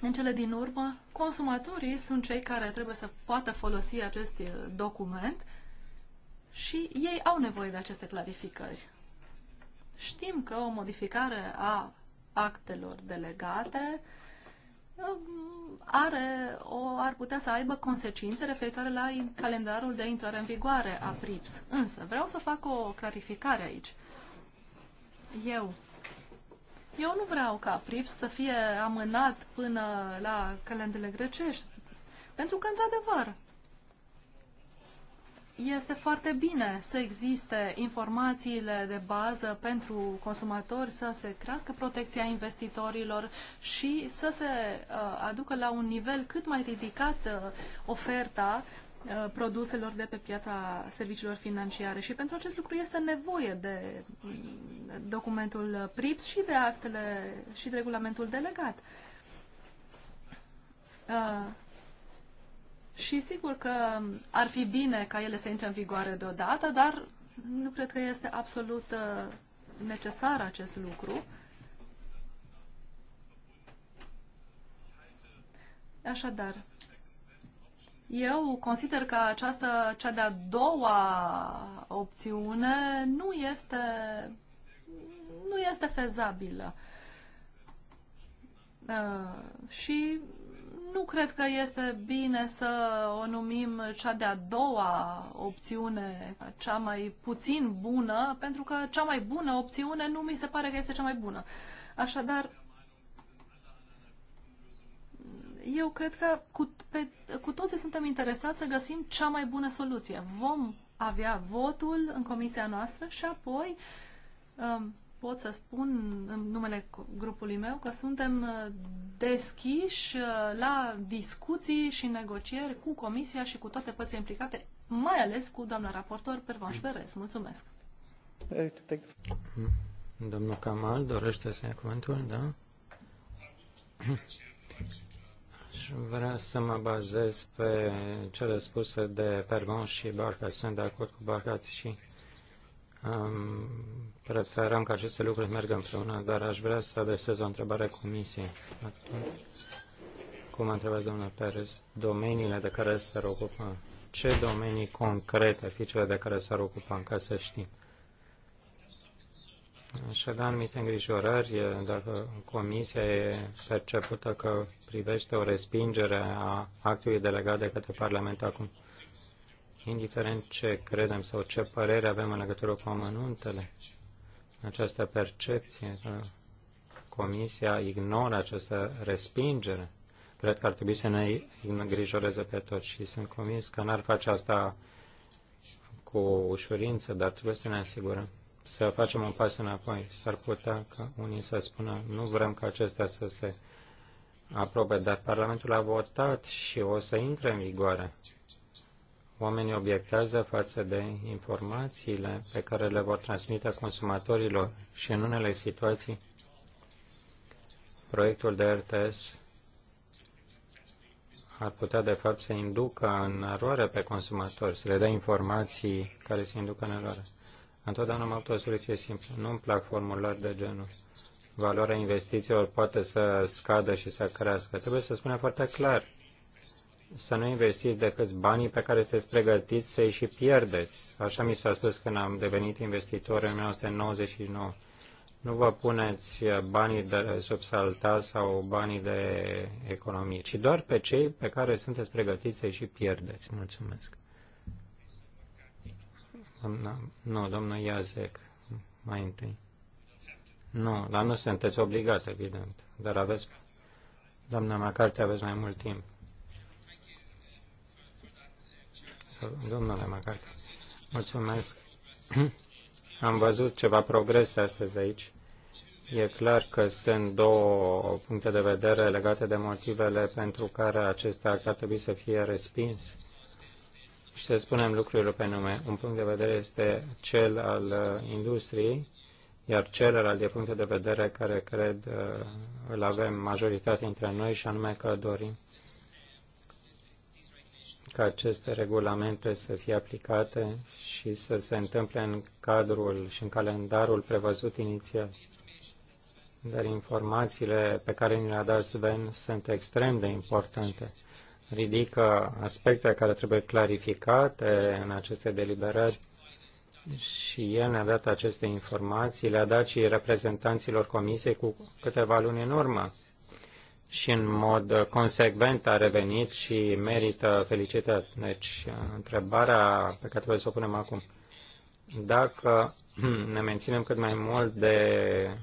în cele din urmă, consumatorii sunt cei care trebuie să poată folosi acest document și ei au nevoie de aceste clarificări. Știm că o modificare a actelor delegate uh, are o, ar putea să aibă consecințe referitoare la calendarul de intrare în vigoare a PRIPS. Însă, vreau să fac o clarificare aici. Eu eu nu vreau ca PRIPS să fie amânat până la calendele grecești, pentru că, într-adevăr, este foarte bine să existe informațiile de bază pentru consumatori, să se crească protecția investitorilor și să se uh, aducă la un nivel cât mai ridicat uh, oferta uh, produselor de pe piața serviciilor financiare și pentru acest lucru este nevoie de mm, documentul PRIPS și de actele și de regulamentul delegat. Și sigur că ar fi bine ca ele să intre în vigoare deodată, dar nu cred că este absolut uh, necesar acest lucru. Așadar, eu consider că această, cea de-a doua opțiune nu este, nu este fezabilă. Uh, și nu cred că este bine să o numim cea de-a doua opțiune, cea mai puțin bună, pentru că cea mai bună opțiune nu mi se pare că este cea mai bună. Așadar, eu cred că cu, pe, cu toții suntem interesați să găsim cea mai bună soluție. Vom avea votul în comisia noastră și apoi um, pot să spun în numele grupului meu că suntem uh, deschiși uh, la discuții și negocieri cu Comisia și cu toate părțile implicate, mai ales cu doamna raportor Pervanș Perez. Mulțumesc! Domnul Kamal dorește să ia cuvântul, da? Și vreau să mă bazez pe cele spuse de Pervanș și Barca. Sunt de acord cu Barca și preferăm ca aceste lucruri să meargă împreună, dar aș vrea să adresez o întrebare comisiei. cum a întrebat domnul Perez, domeniile de care se ar ocupa? Ce domenii concrete ar fi cele de care s-ar ocupa, ca să știm? Și avea anumite îngrijorări dacă comisia e percepută că privește o respingere a actului delegat de către Parlament acum indiferent ce credem sau ce părere avem în legătură cu amănuntele, această percepție Comisia ignoră această respingere, cred că ar trebui să ne îngrijoreze pe toți și sunt convins că n-ar face asta cu ușurință, dar trebuie să ne asigurăm să facem un pas înapoi. S-ar putea ca unii să spună nu vrem ca acestea să se aprobe, dar Parlamentul a votat și o să intre în vigoare oamenii obiectează față de informațiile pe care le vor transmite consumatorilor și în unele situații proiectul de RTS ar putea de fapt să inducă în eroare pe consumatori, să le dea informații care se inducă în eroare. Întotdeauna am avut o soluție simplă. Nu-mi plac formulări de genul. Valoarea investițiilor poate să scadă și să crească. Trebuie să spunem foarte clar să nu investiți decât banii pe care sunteți pregătiți să-i și pierdeți. Așa mi s-a spus când am devenit investitor în 1999. Nu vă puneți banii de sub salta sau banii de economie, ci doar pe cei pe care sunteți pregătiți să-i și pierdeți. Mulțumesc. Nu, domnul Iazec, mai întâi. Nu, dar nu sunteți obligați evident. Dar aveți, doamna Macarte, aveți mai mult timp. domnule McCarthy. Mulțumesc. *clears throat* Am văzut ceva progres astăzi aici. E clar că sunt două puncte de vedere legate de motivele pentru care acest act ar trebui să fie respins. Și să spunem lucrurile pe nume. Un punct de vedere este cel al uh, industriei, iar celălalt de punct de vedere care cred uh, îl avem majoritatea dintre noi și anume că dorim ca aceste regulamente să fie aplicate și să se întâmple în cadrul și în calendarul prevăzut inițial. Dar informațiile pe care ni le-a dat Sven sunt extrem de importante. Ridică aspecte care trebuie clarificate în aceste deliberări și el ne-a dat aceste informații, le-a dat și reprezentanților comisiei cu câteva luni în urmă și în mod consecvent a revenit și merită felicitări. Deci, întrebarea pe care trebuie să o punem acum, dacă ne menținem cât mai mult de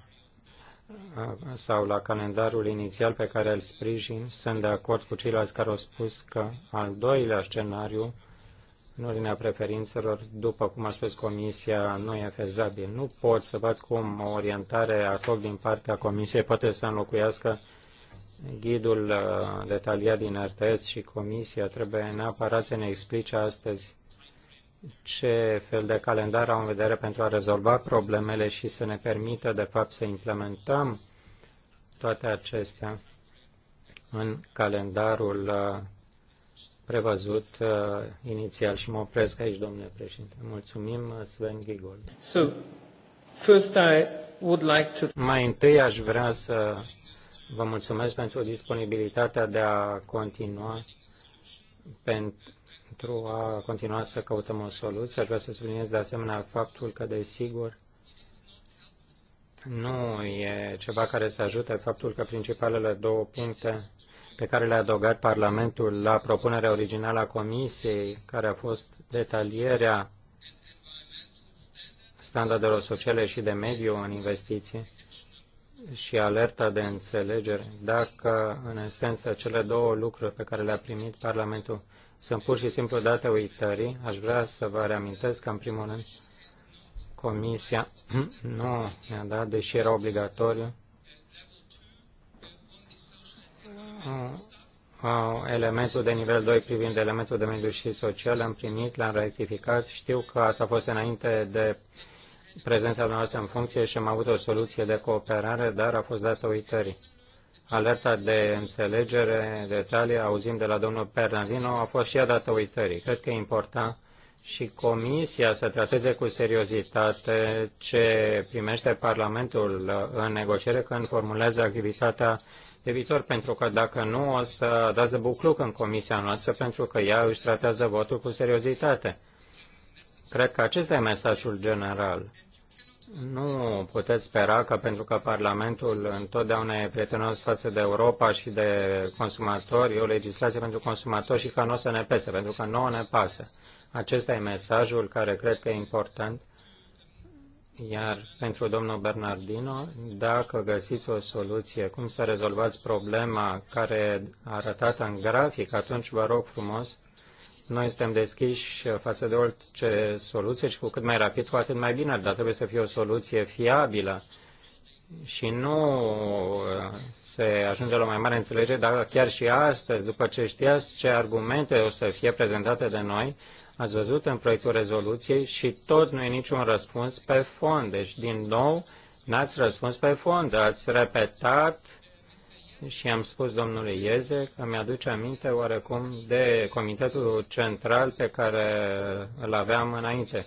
sau la calendarul inițial pe care îl sprijin, sunt de acord cu ceilalți care au spus că al doilea scenariu, în ordinea preferințelor, după cum a spus Comisia, nu e fezabil. Nu pot să văd cum o orientare ad hoc din partea Comisiei poate să înlocuiască ghidul uh, detaliat din RTS și Comisia trebuie neapărat să ne explice astăzi ce fel de calendar au în vedere pentru a rezolva problemele și să ne permită, de fapt, să implementăm toate acestea în calendarul uh, prevăzut uh, inițial și mă opresc aici, domnule președinte. Mulțumim, Sven Gigold. So, first I would like to... Mai întâi aș vrea să Vă mulțumesc pentru disponibilitatea de a continua pentru a continua să căutăm o soluție. Aș vrea să subliniez de asemenea faptul că, desigur, nu e ceva care să ajute faptul că principalele două puncte pe care le-a adăugat Parlamentul la propunerea originală a Comisiei, care a fost detalierea standardelor sociale și de mediu în investiții, și alerta de înțelegere, dacă în esență cele două lucruri pe care le-a primit Parlamentul sunt pur și simplu date uitării, aș vrea să vă reamintesc că, în primul rând, Comisia *clears throat* nu ne-a dat, deși era obligatoriu, elementul de nivel 2 privind elementul de mediu și social, am primit, l-am rectificat. Știu că asta a fost înainte de prezența noastră în funcție și am avut o soluție de cooperare, dar a fost dată uitării. Alerta de înțelegere, detalii, auzim de la domnul Pernavino, a fost și ea dată uitării. Cred că e important și Comisia să trateze cu seriozitate ce primește Parlamentul în negociere când formulează activitatea de viitor, pentru că dacă nu, o să dați de bucluc în Comisia noastră, pentru că ea își tratează votul cu seriozitate. Cred că acesta e mesajul general. Nu puteți spera că pentru că Parlamentul întotdeauna e prietenos față de Europa și de consumatori, e o legislație pentru consumatori și că nu o să ne pese, pentru că nouă ne pasă. Acesta e mesajul care cred că e important. Iar pentru domnul Bernardino, dacă găsiți o soluție, cum să rezolvați problema care arătată în grafic, atunci vă rog frumos noi suntem deschiși față de orice soluție și cu cât mai rapid, cu atât mai bine, dar trebuie să fie o soluție fiabilă și nu uh, se ajunge la mai mare înțelegere, dar chiar și astăzi, după ce știați ce argumente o să fie prezentate de noi, ați văzut în proiectul rezoluției și tot nu e niciun răspuns pe fond. Deci, din nou, n-ați răspuns pe fond, ați repetat și am spus domnului Ieze că mi-aduce aminte oarecum de comitetul central pe care îl aveam înainte.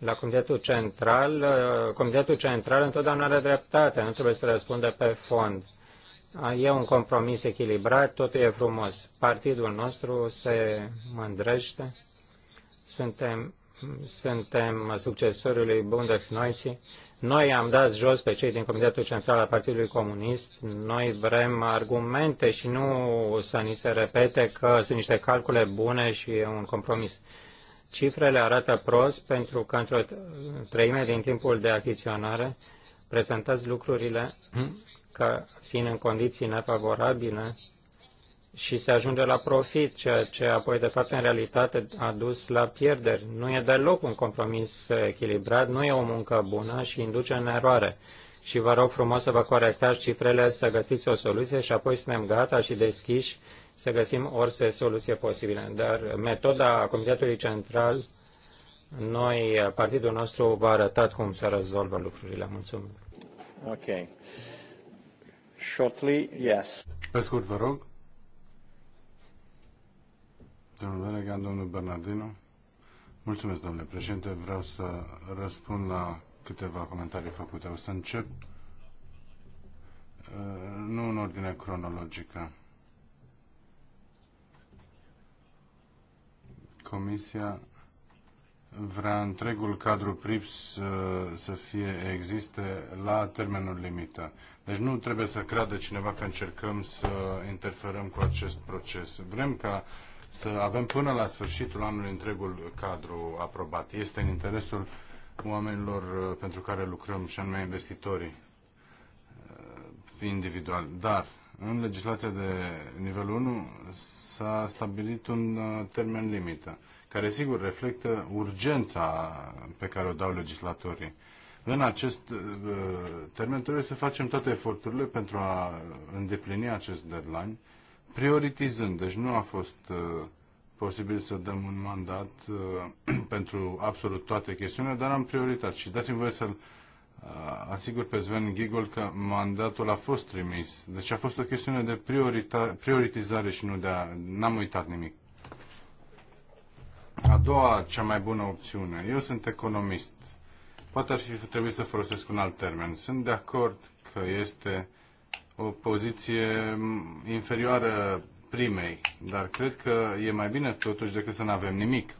La comitetul central, uh, comitetul central întotdeauna are dreptate, nu trebuie să răspundă pe fond. E un compromis echilibrat, totul e frumos. Partidul nostru se mândrește. Suntem suntem succesorii lui Bundex Noi am dat jos pe cei din Comitetul Central al Partidului Comunist. Noi vrem argumente și nu să ni se repete că sunt niște calcule bune și e un compromis. Cifrele arată prost pentru că într-o treime din timpul de achiziționare prezentați lucrurile ca fiind în condiții nefavorabile și se ajunge la profit, ceea ce apoi, de fapt, în realitate a dus la pierderi. Nu e deloc un compromis echilibrat, nu e o muncă bună și induce în eroare. Și vă rog frumos să vă corectați cifrele, să găsiți o soluție și apoi suntem gata și deschiși să găsim orice soluție posibilă. Dar metoda Comitetului Central, noi, partidul nostru, v-a arătat cum să rezolvă lucrurile. Mulțumesc. Ok. Shortly, yes. Pe scurt, vă rog. Domnul Venegan, domnul Bernardino. Mulțumesc, domnule președinte. Vreau să răspund la câteva comentarii făcute. O să încep uh, nu în ordine cronologică. Comisia vrea întregul cadru PRIPS uh, să fie existe la termenul limită. Deci nu trebuie să creadă cineva că încercăm să interferăm cu acest proces. Vrem ca să avem până la sfârșitul anului întregul cadru aprobat. Este în interesul oamenilor uh, pentru care lucrăm și anume investitorii uh, individual. Dar în legislația de nivelul 1 s-a stabilit un uh, termen limită, care sigur reflectă urgența pe care o dau legislatorii. În acest termen trebuie să facem toate eforturile pentru a îndeplini acest deadline prioritizând. Deci nu a fost uh, posibil să dăm un mandat uh, *clears throat* pentru absolut toate chestiunile, dar am prioritat și dați-mi voie să-l uh, asigur pe Sven Gigol că mandatul a fost trimis. Deci a fost o chestiune de prioritizare și nu de a... n-am uitat nimic. A doua, cea mai bună opțiune. Eu sunt economist. Poate ar fi trebuit să folosesc un alt termen. Sunt de acord că este uh, o poziție inferioară primei, dar cred că e mai bine totuși decât să nu avem nimic.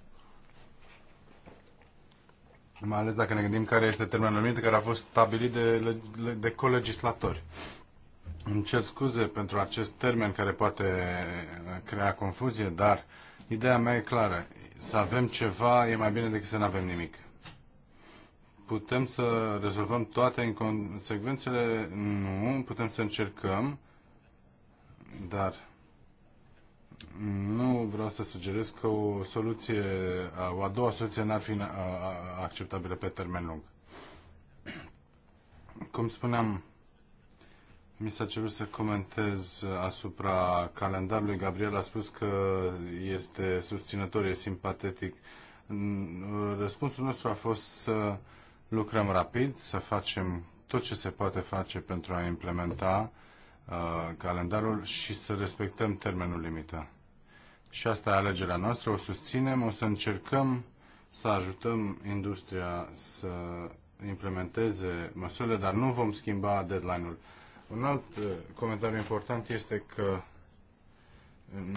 Mai ales dacă ne gândim care este termenul limite care a fost stabilit de, de colegislatori. Îmi cer scuze pentru acest termen care poate crea confuzie, dar ideea mea e clară. Să avem ceva e mai bine decât să nu avem nimic. Putem să rezolvăm toate inconsecvențele? Nu. Putem să încercăm, dar nu vreau să sugerez că o soluție, o a doua soluție n-ar fi acceptabilă pe termen lung. Cum spuneam, mi s-a cerut să comentez asupra calendarului. Gabriel a spus că este susținător, e simpatetic. Răspunsul nostru a fost să lucrăm rapid, să facem tot ce se poate face pentru a implementa uh, calendarul și să respectăm termenul limită. Și asta e alegerea noastră, o susținem, o să încercăm să ajutăm industria să implementeze măsurile, dar nu vom schimba deadline-ul. Un alt uh, comentariu important este că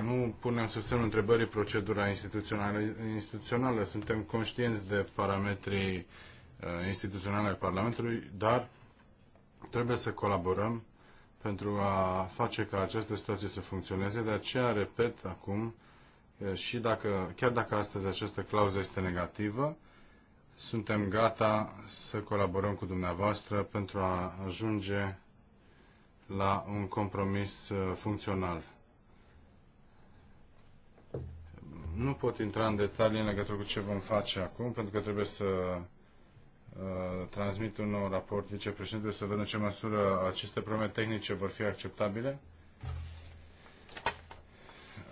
nu punem sub semnul întrebării procedura instituțională. instituțională. Suntem conștienți de parametrii Eh, instituționale ale Parlamentului, dar trebuie să colaborăm pentru a face ca această situație să funcționeze. De aceea, repet acum, eh, și dacă, chiar dacă astăzi această clauză este negativă, suntem gata să colaborăm cu dumneavoastră pentru a ajunge la un compromis eh, funcțional. Nu pot intra în detalii în legătură cu ce vom face acum, pentru că trebuie să Uh, transmit un nou raport vicepreședintelui să vedem ce măsură aceste probleme tehnice vor fi acceptabile.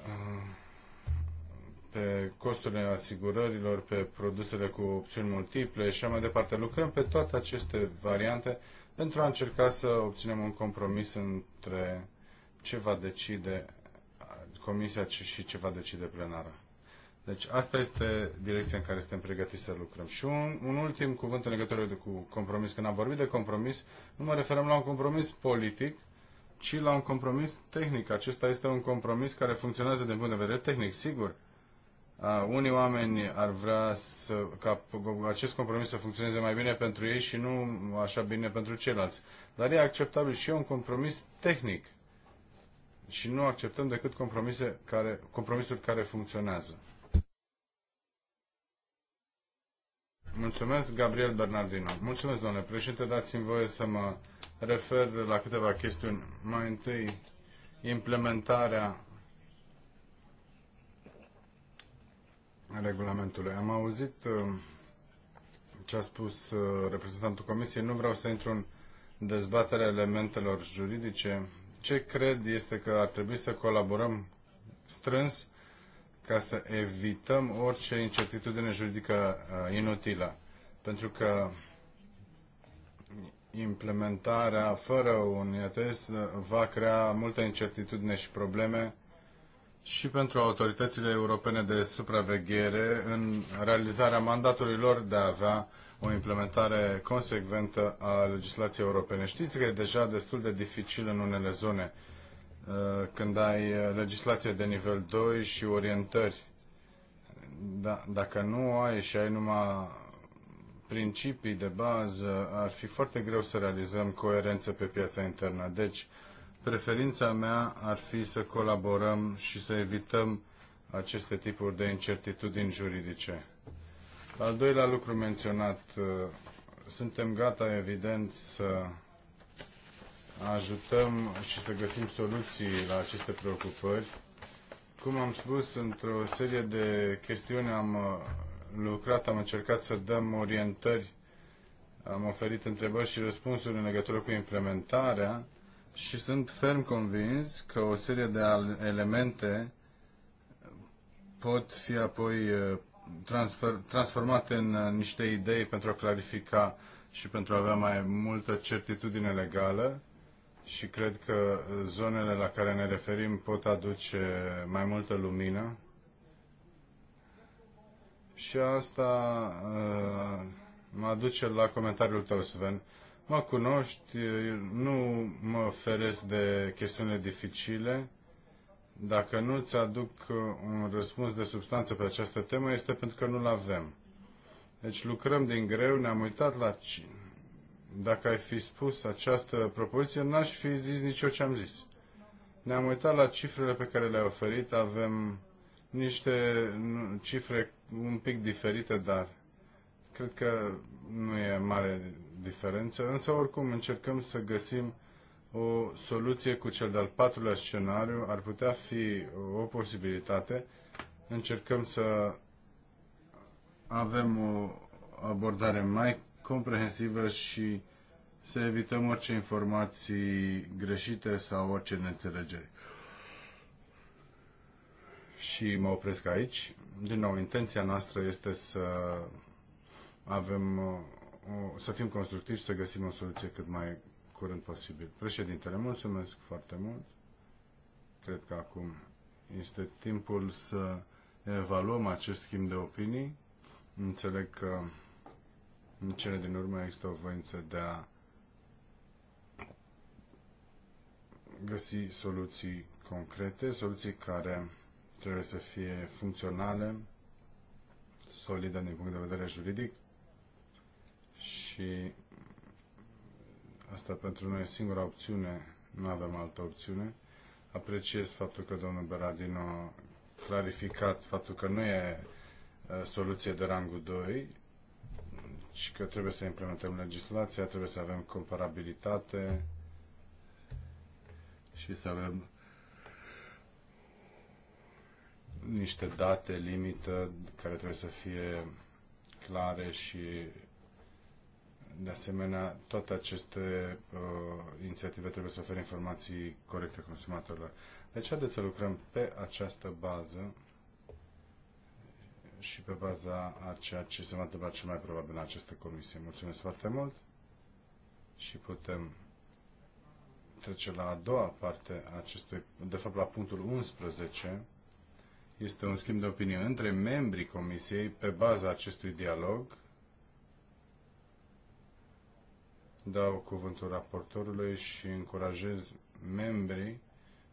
Uh, pe costurile asigurărilor, pe produsele cu opțiuni multiple și mai departe. Lucrăm pe toate aceste variante pentru a încerca să obținem un compromis între ce va decide Comisia și ce va decide plenara. Deci asta este direcția în care suntem pregătiți să lucrăm. Și un, un ultim cuvânt în legătură cu compromis. Când am vorbit de compromis, nu mă referăm la un compromis politic, ci la un compromis tehnic. Acesta este un compromis care funcționează din punct de vedere tehnic, sigur. Uh, unii oameni ar vrea să, ca acest compromis să funcționeze mai bine pentru ei și nu așa bine pentru ceilalți. Dar e acceptabil și un compromis tehnic. Și nu acceptăm decât compromise care, compromisuri care funcționează. Mulțumesc, Gabriel Bernardino. Mulțumesc, domnule președinte. Dați-mi voie să mă refer la câteva chestiuni. Mai întâi, implementarea regulamentului. Am auzit uh, ce a spus uh, reprezentantul Comisiei. Nu vreau să intru în dezbaterea elementelor juridice. Ce cred este că ar trebui să colaborăm strâns ca să evităm orice incertitudine juridică uh, inutilă. Pentru că implementarea fără un IATS va crea multă incertitudine și probleme și pentru autoritățile europene de supraveghere în realizarea mandatului lor de a avea o implementare consecventă a legislației europene. Știți că e deja destul de dificil în unele zone Uh, când ai uh, legislație de nivel 2 și orientări. Da, dacă nu ai și ai numai principii de bază, ar fi foarte greu să realizăm coerență pe piața internă. Deci, preferința mea ar fi să colaborăm și să evităm aceste tipuri de incertitudini juridice. Al doilea lucru menționat, uh, suntem gata, evident, să ajutăm și să găsim soluții la aceste preocupări. Cum am spus, într-o serie de chestiuni am uh, lucrat, am încercat să dăm orientări, am oferit întrebări și răspunsuri în legătură cu implementarea și sunt ferm convins că o serie de elemente pot fi apoi uh, transfer, transformate în uh, niște idei pentru a clarifica și pentru a avea mai multă certitudine legală și cred că zonele la care ne referim pot aduce mai multă lumină și asta uh, mă aduce la comentariul tău, Sven. Mă cunoști, nu mă feresc de chestiune dificile. Dacă nu ți aduc un răspuns de substanță pe această temă, este pentru că nu-l avem. Deci lucrăm din greu, ne-am uitat la cine dacă ai fi spus această propoziție, n-aș fi zis nici eu ce am zis. Ne-am uitat la cifrele pe care le-ai oferit, avem niște cifre un pic diferite, dar cred că nu e mare diferență, însă oricum încercăm să găsim o soluție cu cel de-al patrulea scenariu, ar putea fi o posibilitate. Încercăm să avem o abordare mai comprehensivă și să evităm orice informații greșite sau orice neînțelegeri. Și mă opresc aici. Din nou, intenția noastră este să avem o, să fim constructivi și să găsim o soluție cât mai curând posibil. Președintele, mulțumesc foarte mult. Cred că acum este timpul să evaluăm acest schimb de opinii. Înțeleg că în cele din urmă există o voință de a găsi soluții concrete, soluții care trebuie să fie funcționale, solide din punct de vedere juridic și asta pentru noi e singura opțiune, nu avem altă opțiune. Apreciez faptul că domnul Berardino clarificat faptul că nu e uh, soluție de rangul 2, și că trebuie să implementăm legislația, trebuie să avem comparabilitate și să avem niște date limită care trebuie să fie clare și de asemenea toate aceste uh, inițiative trebuie să ofere informații corecte consumatorilor. Deci haideți să lucrăm pe această bază și pe baza a ceea ce se va întâmpla cel mai probabil în această comisie. Mulțumesc foarte mult și putem trece la a doua parte a acestui, de fapt la punctul 11, este un schimb de opinie între membrii comisiei pe baza acestui dialog. Dau cuvântul raportorului și încurajez membrii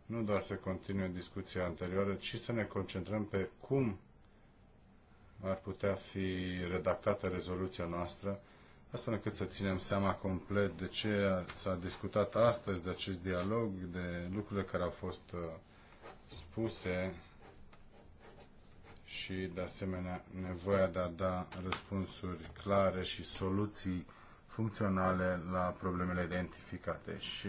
nu doar să continue discuția anterioară, ci să ne concentrăm pe cum ar putea fi redactată rezoluția noastră, astfel încât să ținem seama complet de ce s-a discutat astăzi, de acest dialog, de lucrurile care au fost uh, spuse și, de asemenea, nevoia de a da răspunsuri clare și soluții funcționale la problemele identificate. Și,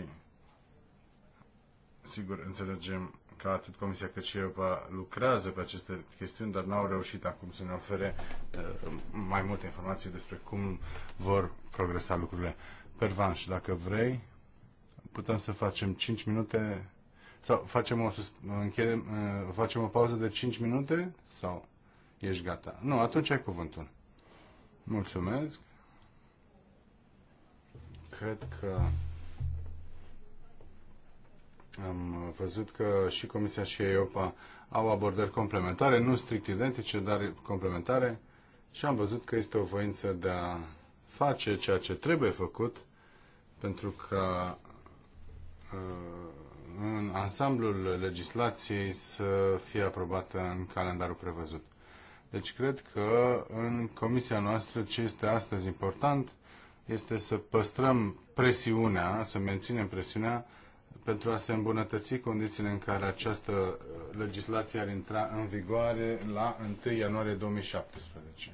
sigur, înțelegem că atât Comisia cât și EUPA lucrează pe aceste chestiuni, dar n-au reușit acum să ne ofere uh, mai multe informații despre cum vor progresa lucrurile. și dacă vrei, putem să facem 5 minute sau facem o, închidem, uh, facem o pauză de 5 minute sau ești gata? Nu, atunci ai cuvântul. Mulțumesc. Cred că am văzut că și Comisia și EIOPA au abordări complementare, nu strict identice, dar complementare și am văzut că este o voință de a face ceea ce trebuie făcut pentru că uh, în ansamblul legislației să fie aprobată în calendarul prevăzut. Deci cred că în comisia noastră ce este astăzi important este să păstrăm presiunea, să menținem presiunea pentru a se îmbunătăți condițiile în care această uh, legislație ar intra în vigoare la 1 ianuarie 2017.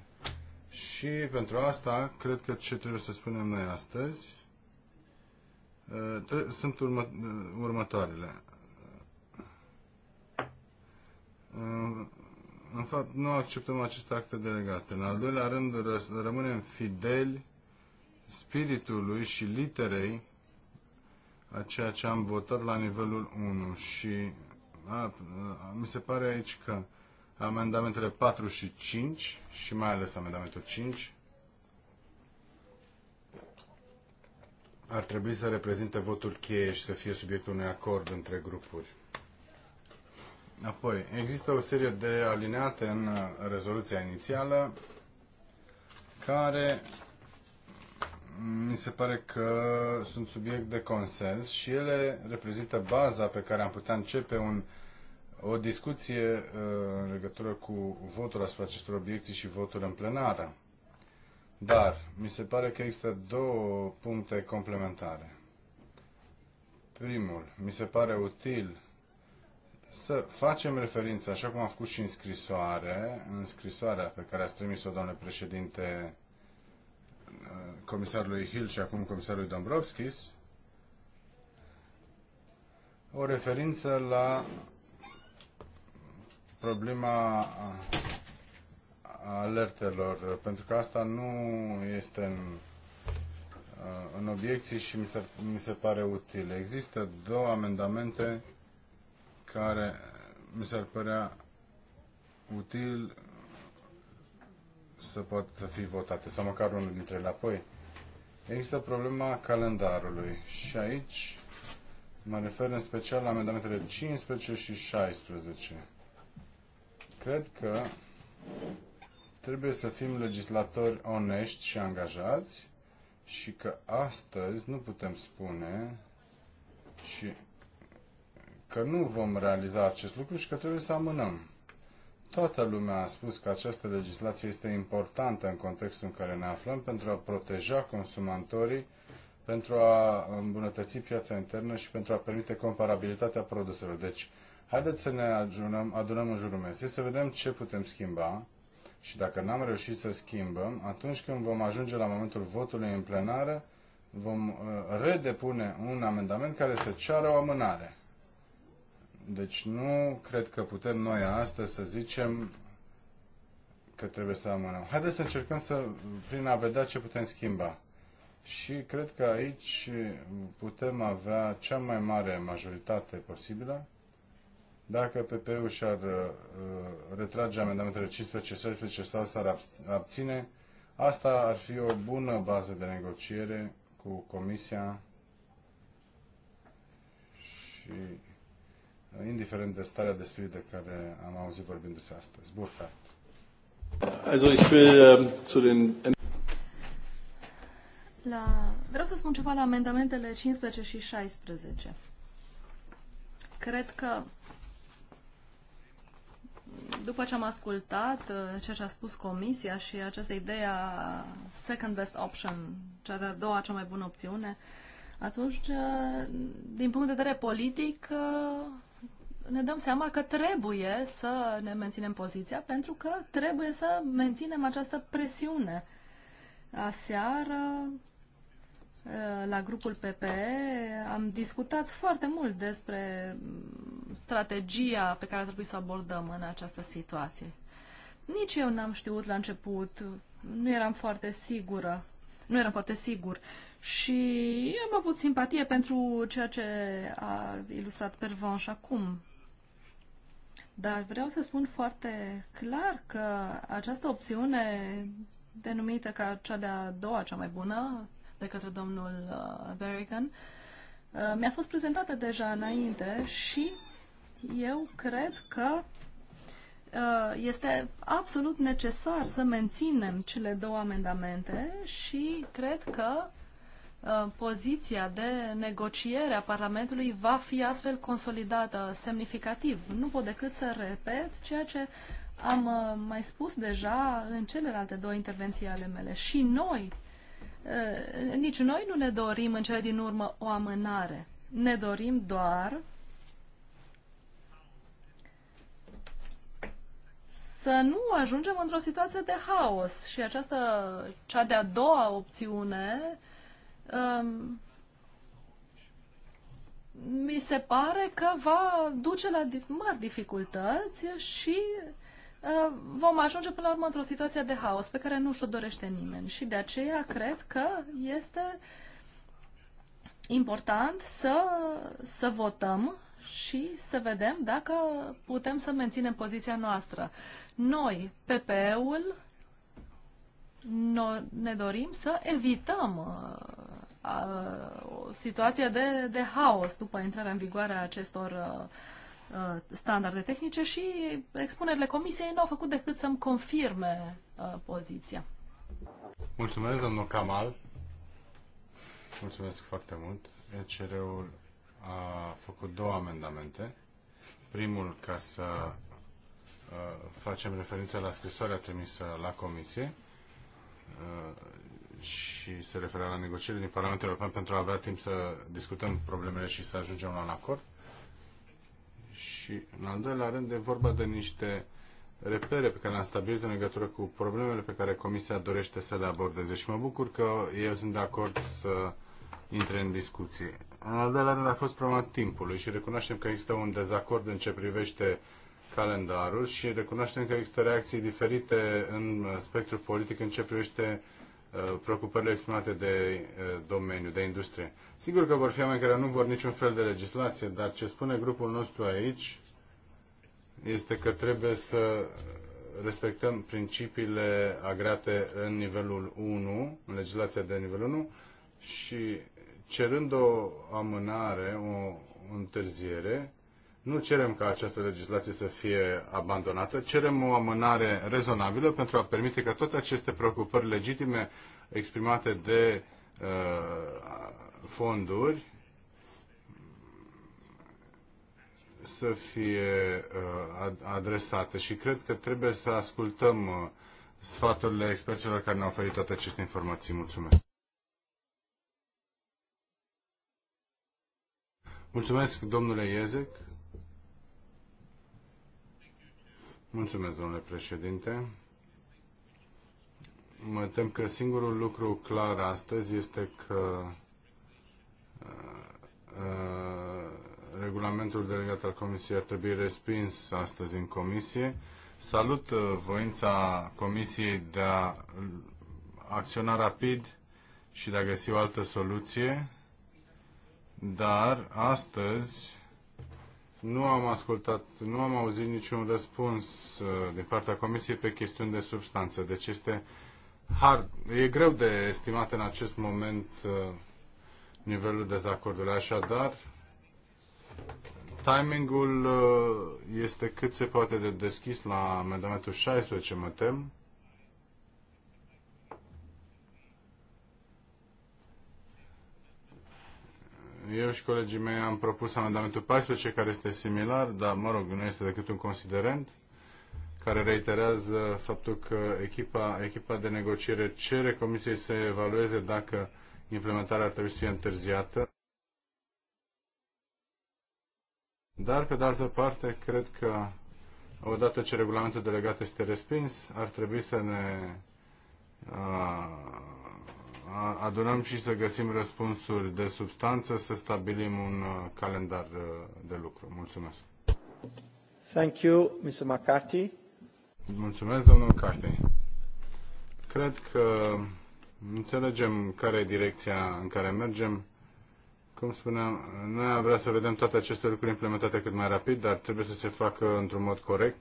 Și pentru asta, cred că ce trebuie să spunem noi astăzi uh, sunt urmă, uh, următoarele. În fapt, nu acceptăm aceste acte delegate. În al doilea rând, rămânem fideli spiritului și literei ceea ce am votat la nivelul 1 și a, mi se pare aici că amendamentele 4 și 5 și mai ales amendamentul 5 ar trebui să reprezinte votul cheie și să fie subiectul unui acord între grupuri. Apoi, există o serie de alineate în uh, rezoluția inițială care mi se pare că sunt subiect de consens și ele reprezintă baza pe care am putea începe un, o discuție uh, în legătură cu votul asupra acestor obiecții și votul în plenară. Dar mi se pare că există două puncte complementare. Primul, mi se pare util să facem referință, așa cum am făcut și în scrisoare, în scrisoarea pe care ați trimis-o, domnule președinte, comisarului Hill și acum comisarului Dombrovskis, o referință la problema alertelor, pentru că asta nu este în, în obiecții și mi se, mi se pare util. Există două amendamente care mi s-ar părea util să pot fi votate, sau măcar unul dintre ele. Apoi, există problema calendarului și aici mă refer în special la amendamentele 15 și 16. Cred că trebuie să fim legislatori onești și angajați și că astăzi nu putem spune și că nu vom realiza acest lucru și că trebuie să amânăm. Toată lumea a spus că această legislație este importantă în contextul în care ne aflăm pentru a proteja consumatorii, pentru a îmbunătăți piața internă și pentru a permite comparabilitatea produselor. Deci, haideți să ne adunăm, adunăm în jurul mesei, să vedem ce putem schimba și dacă n-am reușit să schimbăm, atunci când vom ajunge la momentul votului în plenară, vom uh, redepune un amendament care să ceară o amânare. Deci nu cred că putem noi astăzi să zicem că trebuie să amânăm. Haideți să încercăm să, prin a vedea ce putem schimba. Și cred că aici putem avea cea mai mare majoritate posibilă dacă PP-ul și-ar uh, retrage amendamentele 15, 16 sau s-ar abține. Asta ar fi o bună bază de negociere cu Comisia și indiferent de starea de spirit de care am auzit vorbindu-se astăzi. Burkhardt. Also ich will uh, zu den la... Vreau să spun ceva la amendamentele 15 și 16. Cred că după ce am ascultat uh, ce și-a spus comisia și această idee a second best option, cea de-a doua cea mai bună opțiune, atunci, uh, din punct de vedere politic, uh, ne dăm seama că trebuie să ne menținem poziția pentru că trebuie să menținem această presiune. Aseară, la grupul PPE, am discutat foarte mult despre strategia pe care ar trebui să o abordăm în această situație. Nici eu n-am știut la început, nu eram foarte sigură, nu eram foarte sigur și am avut simpatie pentru ceea ce a ilustrat Pervanș acum. Dar vreau să spun foarte clar că această opțiune denumită ca cea de-a doua, cea mai bună, de către domnul uh, Berrigan, uh, mi-a fost prezentată deja înainte și eu cred că uh, este absolut necesar să menținem cele două amendamente și cred că Uh, poziția de negociere a Parlamentului va fi astfel consolidată semnificativ. Nu pot decât să repet ceea ce am uh, mai spus deja în celelalte două intervenții ale mele. Și noi, uh, nici noi nu ne dorim în cele din urmă o amânare. Ne dorim doar să nu ajungem într-o situație de haos. Și această, cea de-a doua opțiune, uh, um, mi se pare că va duce la mari dificultăți și uh, vom ajunge până la urmă într-o situație de haos pe care nu și-o dorește nimeni. Și de aceea cred că este important să, să votăm și să vedem dacă putem să menținem poziția noastră. Noi, PPE-ul, No ne dorim să evităm uh, uh, o situație de, de haos după intrarea în vigoare a acestor uh, uh standarde tehnice și expunerile comisiei nu au făcut decât să-mi confirme uh, poziția. Mulțumesc, domnul Kamal. Mulțumesc foarte mult. ECR-ul a făcut două amendamente. Primul ca să uh, facem referință la scrisoarea trimisă la comisie Uh, și se referea la negocierile din Parlamentul European pentru a avea timp să discutăm problemele și să ajungem la un acord. Și, în al doilea rând, e vorba de niște repere pe care le-am stabilit în legătură cu problemele pe care Comisia dorește să le abordeze și mă bucur că eu sunt de acord să intre în discuții. În al doilea rând a fost problema timpului și recunoaștem că există un dezacord în ce privește calendarul și recunoaștem că există reacții diferite în spectrul politic în ce privește uh, preocupările exprimate de uh, domeniu, de industrie. Sigur că vor fi oameni care nu vor niciun fel de legislație, dar ce spune grupul nostru aici este că trebuie să respectăm principiile agrate în nivelul 1, în legislația de nivel 1 și cerând o amânare, o întârziere, nu cerem ca această legislație să fie abandonată, cerem o amânare rezonabilă pentru a permite ca toate aceste preocupări legitime exprimate de uh, fonduri să fie uh, adresate și cred că trebuie să ascultăm uh, sfaturile experților care ne-au oferit toate aceste informații. Mulțumesc! Mulțumesc, domnule Iezec! Mulțumesc, domnule președinte. Mă tem că singurul lucru clar astăzi este că uh, uh, regulamentul delegat al Comisiei ar trebui respins astăzi în Comisie. Salut uh, voința Comisiei de a acționa rapid și de a găsi o altă soluție, dar astăzi nu am ascultat, nu am auzit niciun răspuns uh, din partea Comisiei pe chestiuni de substanță. Deci este hard, e greu de estimat în acest moment uh, nivelul dezacordului. Așadar, timingul uh, este cât se poate de deschis la amendamentul 16, mă tem. eu și colegii mei am propus amendamentul 14, care este similar, dar, mă rog, nu este decât un considerent, care reiterează faptul că echipa, echipa de negociere cere Comisiei să evalueze dacă implementarea ar trebui să fie întârziată. Dar, pe de altă parte, cred că odată ce regulamentul delegat este respins, ar trebui să ne uh, adunăm și să găsim răspunsuri de substanță, să stabilim un uh, calendar uh, de lucru. Mulțumesc. Thank you, Mr. McCarthy. Mulțumesc, domnul McCarthy. Cred că înțelegem care e direcția în care mergem. Cum spuneam, noi am vrea să vedem toate aceste lucruri implementate cât mai rapid, dar trebuie să se facă într-un mod corect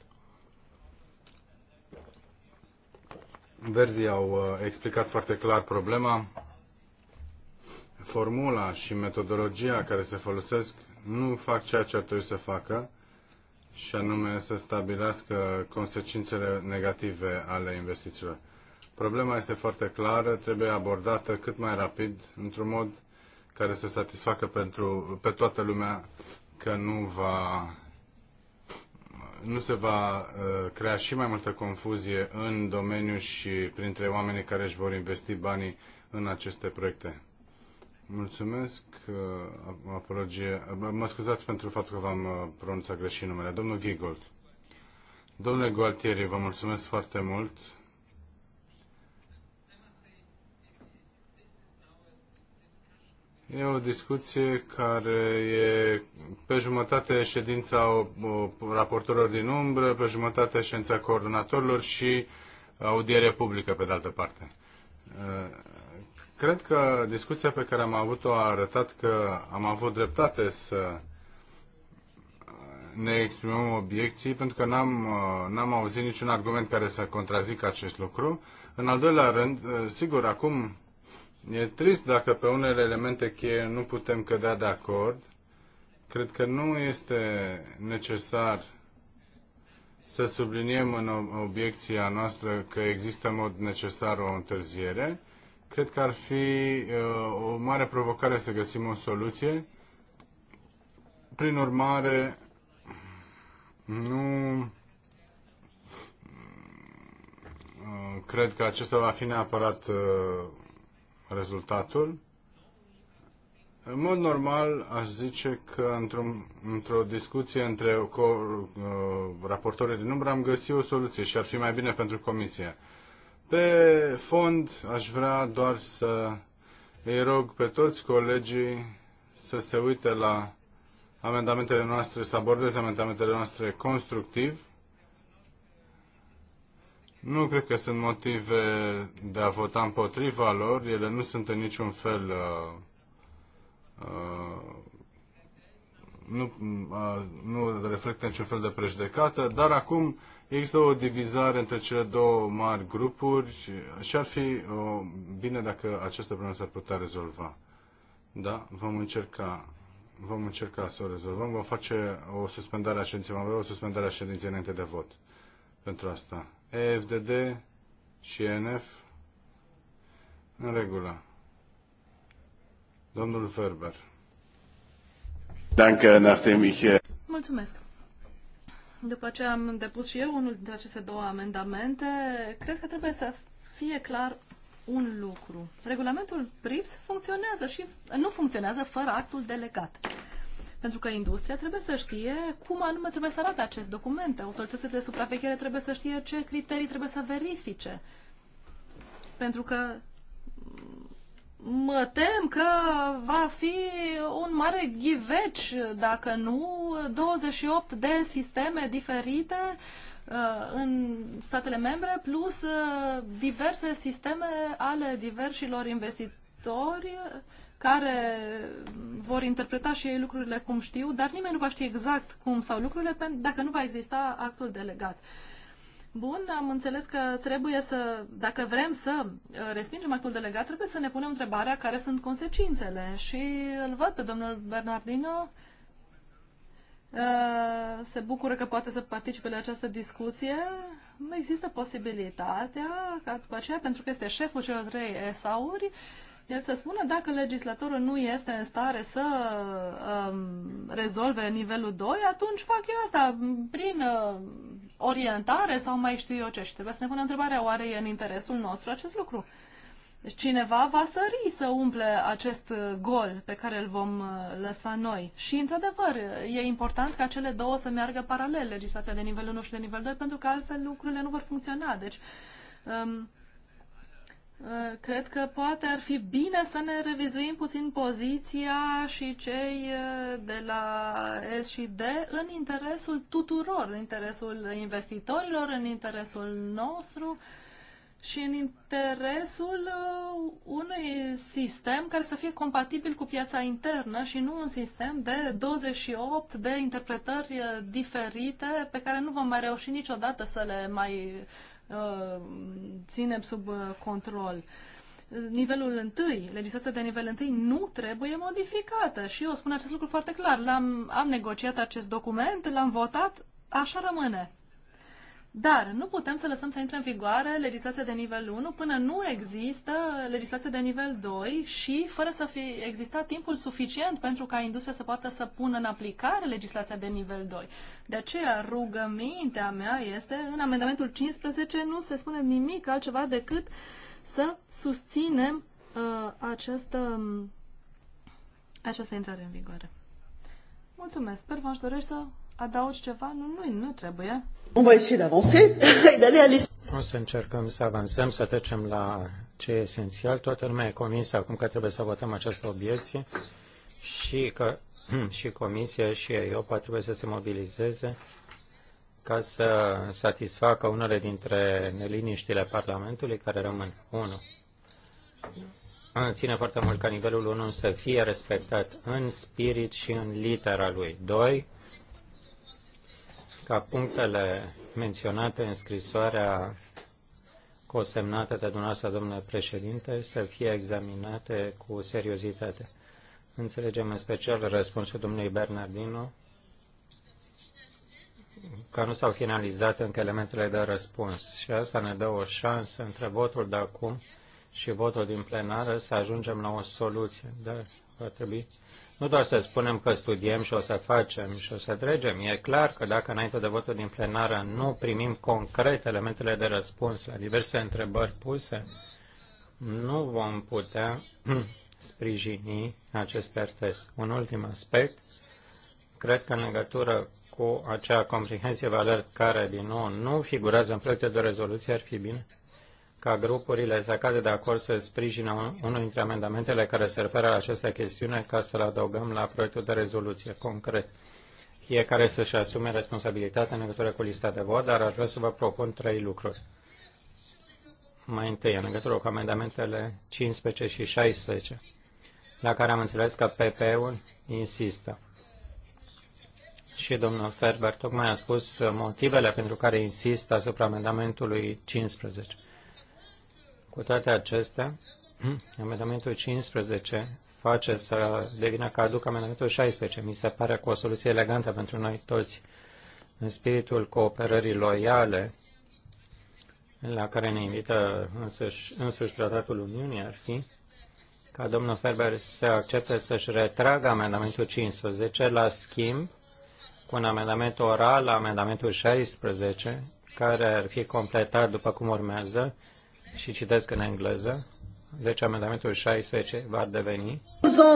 Verzii au uh, explicat foarte clar problema. Formula și metodologia care se folosesc nu fac ceea ce ar trebui să facă, și anume să stabilească consecințele negative ale investițiilor. Problema este foarte clară, trebuie abordată cât mai rapid, într-un mod care să satisfacă pentru, pe toată lumea că nu va nu se va uh, crea și mai multă confuzie în domeniu și printre oamenii care își vor investi banii în aceste proiecte. Mulțumesc, uh, apologie. Uh, mă scuzați pentru faptul că v-am pronunțat greșit numele. Domnul Gigold. Domnule Gualtieri, vă mulțumesc foarte mult. E o discuție care e pe jumătate ședința raportorilor din umbră, pe jumătate ședința coordonatorilor și audiere publică pe de altă parte. Cred că discuția pe care am avut-o a arătat că am avut dreptate să ne exprimăm obiecții, pentru că n-am, uh, n-am auzit niciun argument care să contrazică acest lucru. În al doilea rând, uh, sigur, acum E trist dacă pe unele elemente cheie nu putem cădea de acord. Cred că nu este necesar să subliniem în obiecția noastră că există în mod necesar o întârziere. Cred că ar fi uh, o mare provocare să găsim o soluție. Prin urmare, nu uh, cred că acesta va fi neapărat uh, rezultatul. În mod normal, aș zice că într-o, într discuție între co- uh, raportorii din umbră am găsit o soluție și ar fi mai bine pentru comisie. Pe fond, aș vrea doar să îi rog pe toți colegii să se uite la amendamentele noastre, să abordeze amendamentele noastre constructiv nu cred că sunt motive de a vota împotriva lor. Ele nu sunt în niciun fel. Uh, uh, nu, uh, nu reflectă niciun fel de prejudecată, dar acum există o divizare între cele două mari grupuri și ar fi uh, bine dacă această problemă s-ar putea rezolva. Da, vom încerca vom încerca să o rezolvăm. Vom face o suspendare a ședinței, vom avea o suspendare a ședinței înainte de vot pentru asta. EFDD și NF în regulă. Domnul Ferber. Danke, nachdem ich... Äh, Mulțumesc. După ce am depus și eu unul dintre aceste două amendamente, cred că trebuie să fie clar un lucru. Regulamentul PRIPS funcționează și nu funcționează fără actul delegat. Pentru că industria trebuie să știe cum anume trebuie să arate acest document. Autoritățile de supraveghere trebuie să știe ce criterii trebuie să verifice. Pentru că mă tem că va fi un mare ghiveci, dacă nu, 28 de sisteme diferite uh, în statele membre, plus uh, diverse sisteme ale diversilor investitori care vor interpreta și ei lucrurile cum știu, dar nimeni nu va ști exact cum sau lucrurile dacă nu va exista actul delegat. Bun, am înțeles că trebuie să, dacă vrem să uh, respingem actul delegat, trebuie să ne punem întrebarea care sunt consecințele. Și îl văd pe domnul Bernardino, uh, se bucură că poate să participe la această discuție. Există posibilitatea ca după aceea, pentru că este șeful celor trei esauri, el să spună dacă legislatorul nu este în stare să um, rezolve nivelul 2, atunci fac eu asta prin uh, orientare sau mai știu eu ce. Și trebuie să ne punem întrebarea, oare e în interesul nostru acest lucru? Deci cineva va sări să umple acest uh, gol pe care îl vom uh, lăsa noi. Și, într-adevăr, e important ca cele două să meargă paralel, legislația de nivel 1 și de nivel 2, pentru că altfel lucrurile nu vor funcționa. Deci, um, Uh, cred că poate ar fi bine să ne revizuim puțin poziția și cei uh, de la S și D în interesul tuturor, în interesul investitorilor, în interesul nostru și în interesul uh, unui sistem care să fie compatibil cu piața internă și nu un sistem de 28 de interpretări diferite pe care nu vom mai reuși niciodată să le mai Uh, ținem sub uh, control. Nivelul întâi, legislația de nivel întâi nu trebuie modificată și eu spun acest lucru foarte clar. L-am, am negociat acest document, l-am votat, așa rămâne. Dar nu putem să lăsăm să intre în vigoare legislația de nivel 1 până nu există legislația de nivel 2 și fără să fi existat timpul suficient pentru ca industria să poată să pună în aplicare legislația de nivel 2. De aceea rugămintea mea este, în amendamentul 15 nu se spune nimic altceva decât să susținem uh, această, um, această intrare în vigoare. Mulțumesc, sper v-aș dorești să adaugi ceva? Nu, nu, nu trebuie. On va essayer d'avancer *laughs* O să încercăm să avansăm, să trecem la ce e esențial. Toată lumea e convinsă acum că trebuie să votăm această obiecție și că *clears throat* și Comisia și EIOPA trebuie să se mobilizeze ca să satisfacă unele dintre neliniștile Parlamentului care rămân. 1. Ține foarte mult ca nivelul 1 să fie respectat în spirit și în litera lui. 2 ca punctele menționate în scrisoarea consemnată de dumneavoastră, domnule președinte, să fie examinate cu seriozitate. Înțelegem în special răspunsul domnului Bernardino că nu s-au finalizat încă elementele de răspuns și asta ne dă o șansă între votul de acum și votul din plenară să ajungem la o soluție. Dar va trebui nu doar să spunem că studiem și o să facem și o să dregem. E clar că dacă înainte de votul din plenară nu primim concret elementele de răspuns la diverse întrebări puse, nu vom putea *clears throat* sprijini aceste artes. Un ultim aspect, cred că în legătură cu acea comprehensie valer care, din nou, nu figurează în proiecte de rezoluție, ar fi bine ca grupurile să cadă de acord să sprijină unul dintre amendamentele care se referă la această chestiune ca să-l adăugăm la proiectul de rezoluție concret. Fiecare să-și asume responsabilitatea în legătură cu lista de vot, dar aș vrea să vă propun trei lucruri. Mai întâi, în legătură cu amendamentele 15 și 16, la care am înțeles că PP-ul insistă. Și domnul Ferber tocmai a spus motivele pentru care insistă asupra amendamentului 15. Cu toate acestea, *clears throat* amendamentul 15 face să devină caduc amendamentul 16. Mi se pare cu o soluție elegantă pentru noi toți, în spiritul cooperării loiale la care ne invită însuși, însuși Tratatul Uniunii, ar fi ca domnul Ferber să accepte să-și retragă amendamentul 15 la schimb cu un amendament oral la amendamentul 16, care ar fi completat după cum urmează, și citesc în engleză. Deci amendamentul 16 va deveni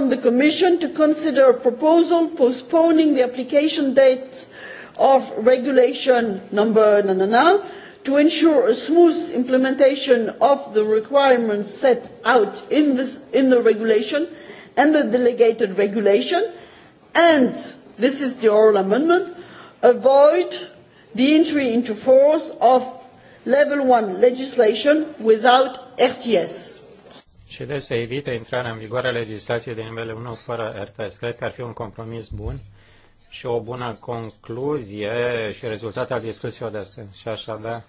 on the Commission to consider a proposal postponing the application date of regulation number na, na, na, to ensure a smooth implementation of the requirements set out in, this, in the regulation and the delegated regulation and this is the oral amendment avoid the entry into force of level 1 legislation without RTS. Și de să evite intrarea în vigoare a legislației de nivel 1 fără RTS. Cred că ar fi un compromis bun și o bună concluzie și rezultat al discuției de astăzi. Și aș avea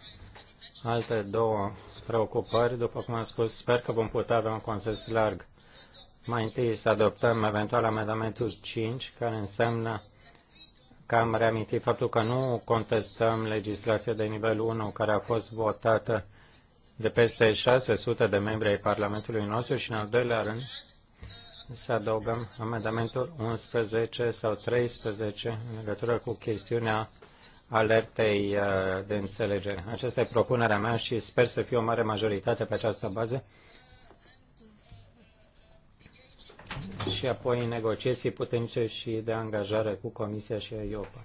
alte două preocupări. După cum am spus, sper că vom putea avea un consens larg. Mai întâi să adoptăm eventual amendamentul 5, care înseamnă că am reamintit faptul că nu contestăm legislația de nivel 1 care a fost votată de peste 600 de membri ai Parlamentului nostru și, în al doilea rând, să adăugăm amendamentul 11 sau 13 în legătură cu chestiunea alertei uh, de înțelegere. Aceasta e propunerea mea și sper să fie o mare majoritate pe această bază și apoi negocieții puternice și de angajare cu Comisia și EIOPA.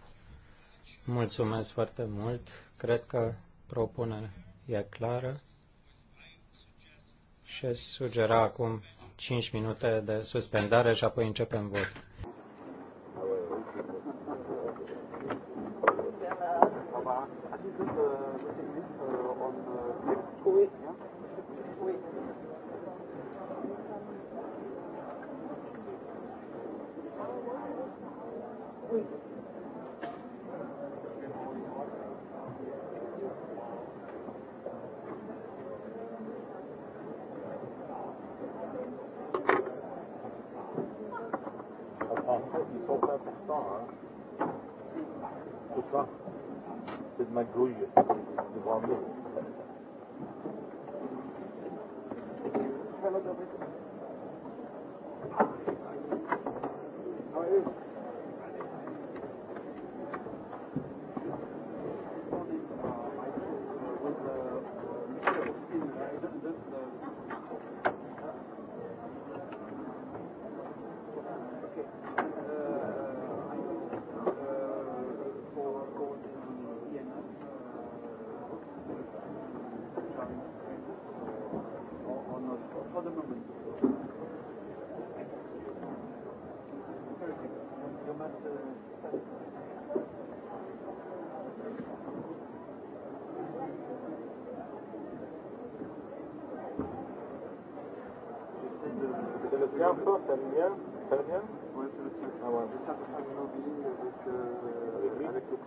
Mulțumesc foarte mult. Cred că propunerea e clară și sugera acum 5 minute de suspendare și apoi începem votul.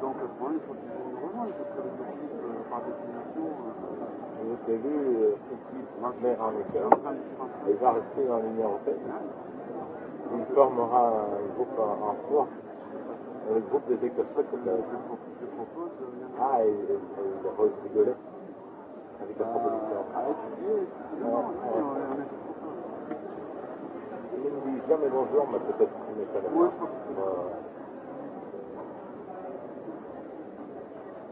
Donc à ce moment-là, il faut qu'ils nous rejoignent, parce que les euh, par définition. Euh, Vous avez vu, euh, maire en écart, il va rester dans l'Union Européenne. Ah, il formera un groupe en soi, euh, le groupe des Écossais comme la. Je propose. Euh, ah, il, il, il rigolait avec la proposition. À ah, étudier, ah, il ne dit jamais bonjour, mais peut-être qu'il n'est pas là.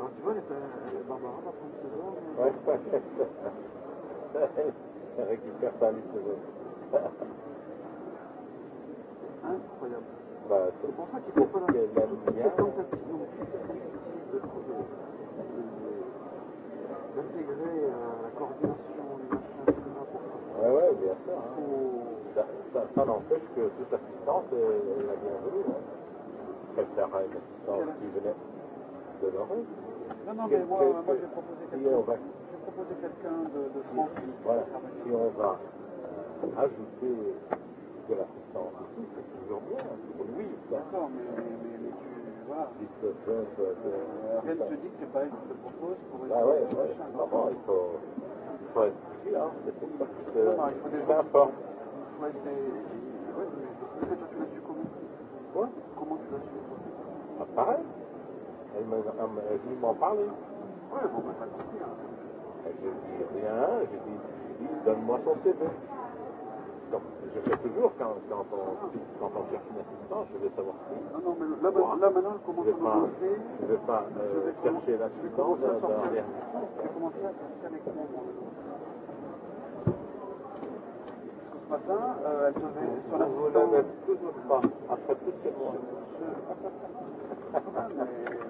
Alors tu vois, Barbara va prendre ce genre. Ouais, ouais. Elle récupère sa liste de Incroyable. Bah, c'est pour ça qu'il faut pas d'intégrer la coordination du machin, etc. Ouais, ouais, bien sûr. Hein. Ça, ça, ça n'empêche que toute assistance est euh, la bienvenue. Hein. Quelle sera une assistance qui venait de l'Europe. Non, non, mais moi, moi j'ai proposé quelqu'un si de, uh, de France qui voilà, Si on va euh, ajouter de l'assistance ici, c'est toujours bien. Oui, d'accord, mais, mais, mais, mais tu vois. Euh, rien ne te dit que c'est pas elle qui te propose pour essayer ah ouais, de ouais, machin. il faut, il faut être pris, hein. c'est pour ça que non, non, il faut des gens. Il faut être des. Ouais, mais tu l'as su comment Quoi Comment tu l'as su pareil Elle me, elle m'en parler. Oui, vous pouvez pas Je dis rien, je dis, je dis donne-moi son CV. Donc, je fais toujours quand, quand, on, quand on cherche une assistance, je vais savoir qui. Non, non, mais là, là maintenant, je commence à me Je ne vais pas euh, vais chercher la suivante. Je vais commencer à chercher avec mon monde. Ce matin, euh, elle devait sur la Vous ne toujours pas, après toutes ces mois. *laughs* Je...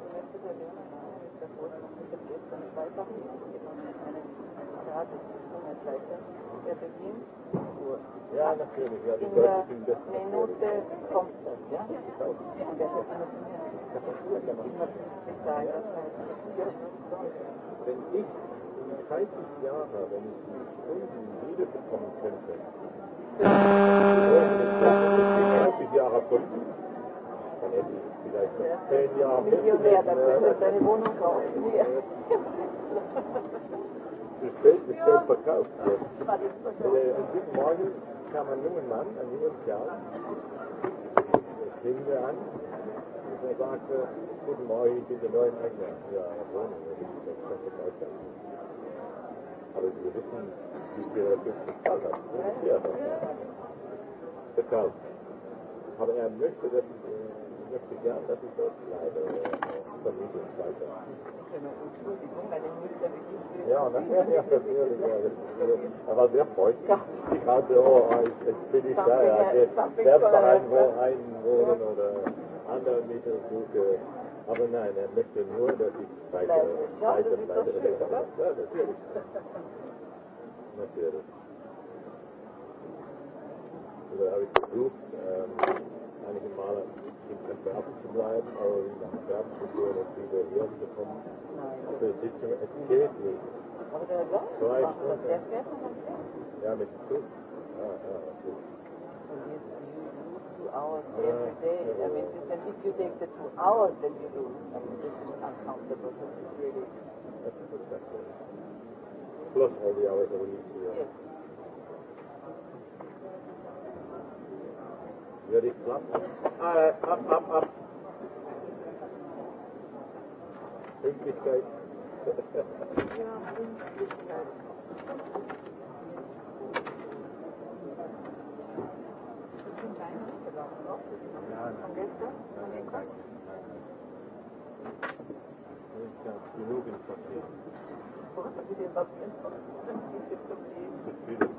Ja, natürlich. Ja, in der Minute kommt das, ja? Und das ist eine Wenn ich 30 Jahre, wenn ich die Stunden wiederbekommen könnte, 30 Jahre Stunden, dann hätte ich Het speelt, het speelt verkauft. Dit morgen kam een jonge man, een jonge Kerl, ging er aan und er sagte, guten Morgen, ich bin der neue Eigner Ihrer Wohnung. Das könnte Deutschland. Aber Sie wissen, wie viel das jetzt bezahlt hat. Bezahlt. Aber er möchte, dass ich möchte gern, dass ich dort bleibe, Vermögensleiter. Ja, nachher, ja, natürlich. war sehr wer freut sich gerade, oh, jetzt bin ich da, ja, selbst daheim wohnen oder andere Mittel suche. Aber nein, er möchte nur, dass ich weiter, bleibe. Ja, natürlich. Natürlich. Da habe ich versucht, ähm, einige Male im Verderben zu bleiben, aber in Verderben zu gehen und wieder herzukommen. Also es ist es geht nicht. Aber der Sohn der fährt noch am Zug. Ja, mit dem Zug. Ja, ja, okay. hours yeah. every day. Yeah. I mean, if you take the two hours that you lose, I mean, this is uncomfortable. This is really... That's Plus all the hours that we need to. Uh, yes. Ready? Up. Äh, ab, ab, ab. Pünktlichkeit. ja, Ja. Von gestern? Von gestern? Genug in Verkehr. Wo hast du denn was in Verkehr?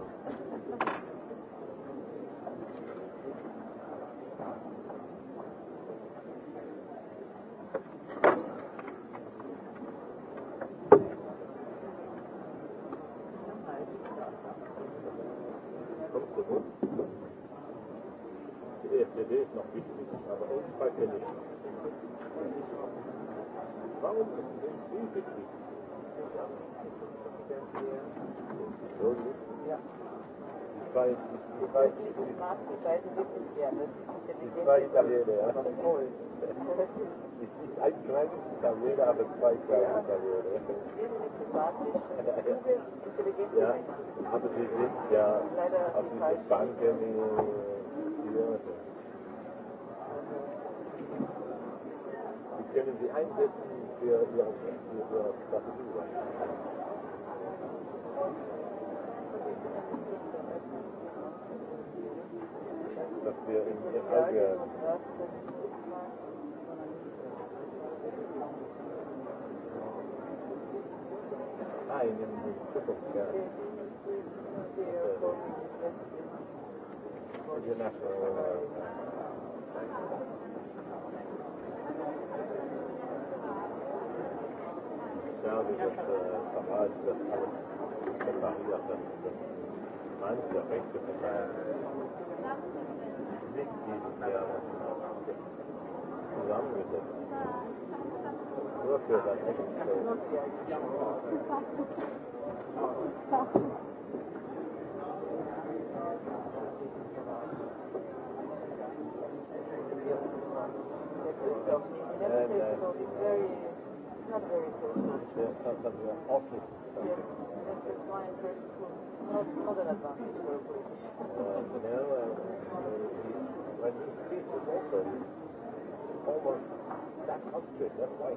Jeder hat eine Zweigleitung-Periode. Ja, aber sie sind ja auf diese Banken hier. Sie können sie einsetzen für ihre, für ihre Strategie. Dass wir in ihr Auge Nein, im Zukunftsjahr. Je nach Saudi das Verrat, das alles Verrat, das Mann, der rechte Verrat. Nicht dieses Jahr zusammengesetzt almost that outfit, that's why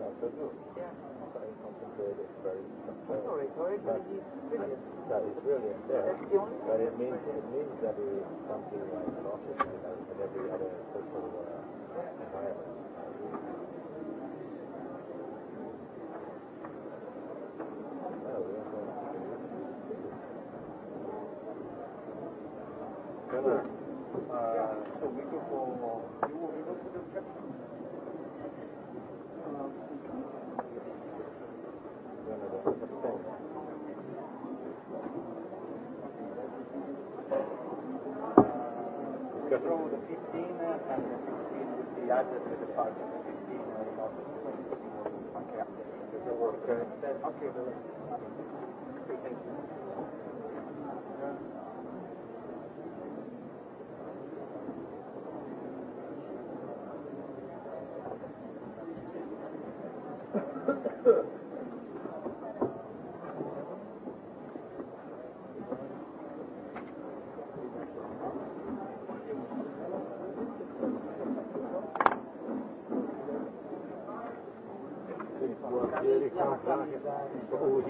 No, so look. Yeah. It's very complicated, it's very complex. Sorry, sorry, but, but he's brilliant. That is brilliant, yeah. That's the only but it means, it means that it's something like an office, you know, in every other social uh, environment. is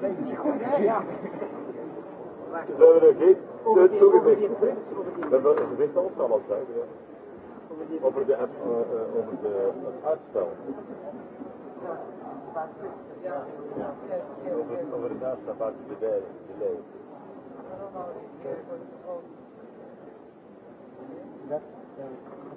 het niet goed, hè? ja. Ze hebben er geen steun toegezegd. We hebben een gezicht ons al Over de, app, uh, uh, over de, het uitstel. Ja. Over, over het uitstel van de delay. That's, uh,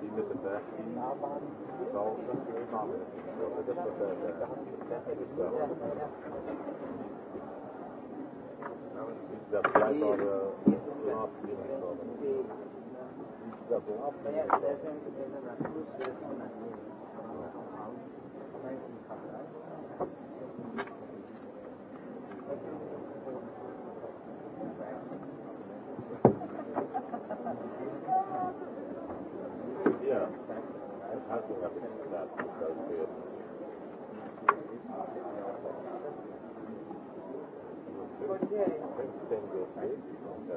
die mit dem Berg ziehen, saufen, schade. Ich glaube, das wird der Berg. Das ist der Berg, aber der Arzt geht nicht sauber. Das ist der Berg. Das ist der Berg.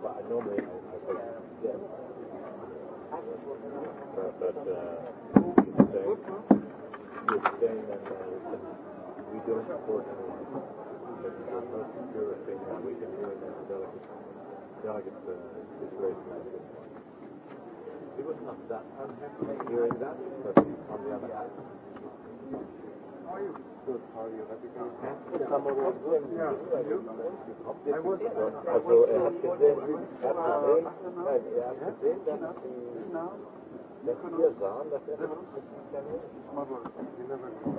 But I normally I, I take yeah. Uh, but uh, you're saying that uh, we don't support anyone. That there's no secure thing that we can do in a delicate, delicate uh, situation like this How you? Also, er hat gesehen, er hat gesehen, nein, er hat gesehen, dass die, dass wir sahen, dass er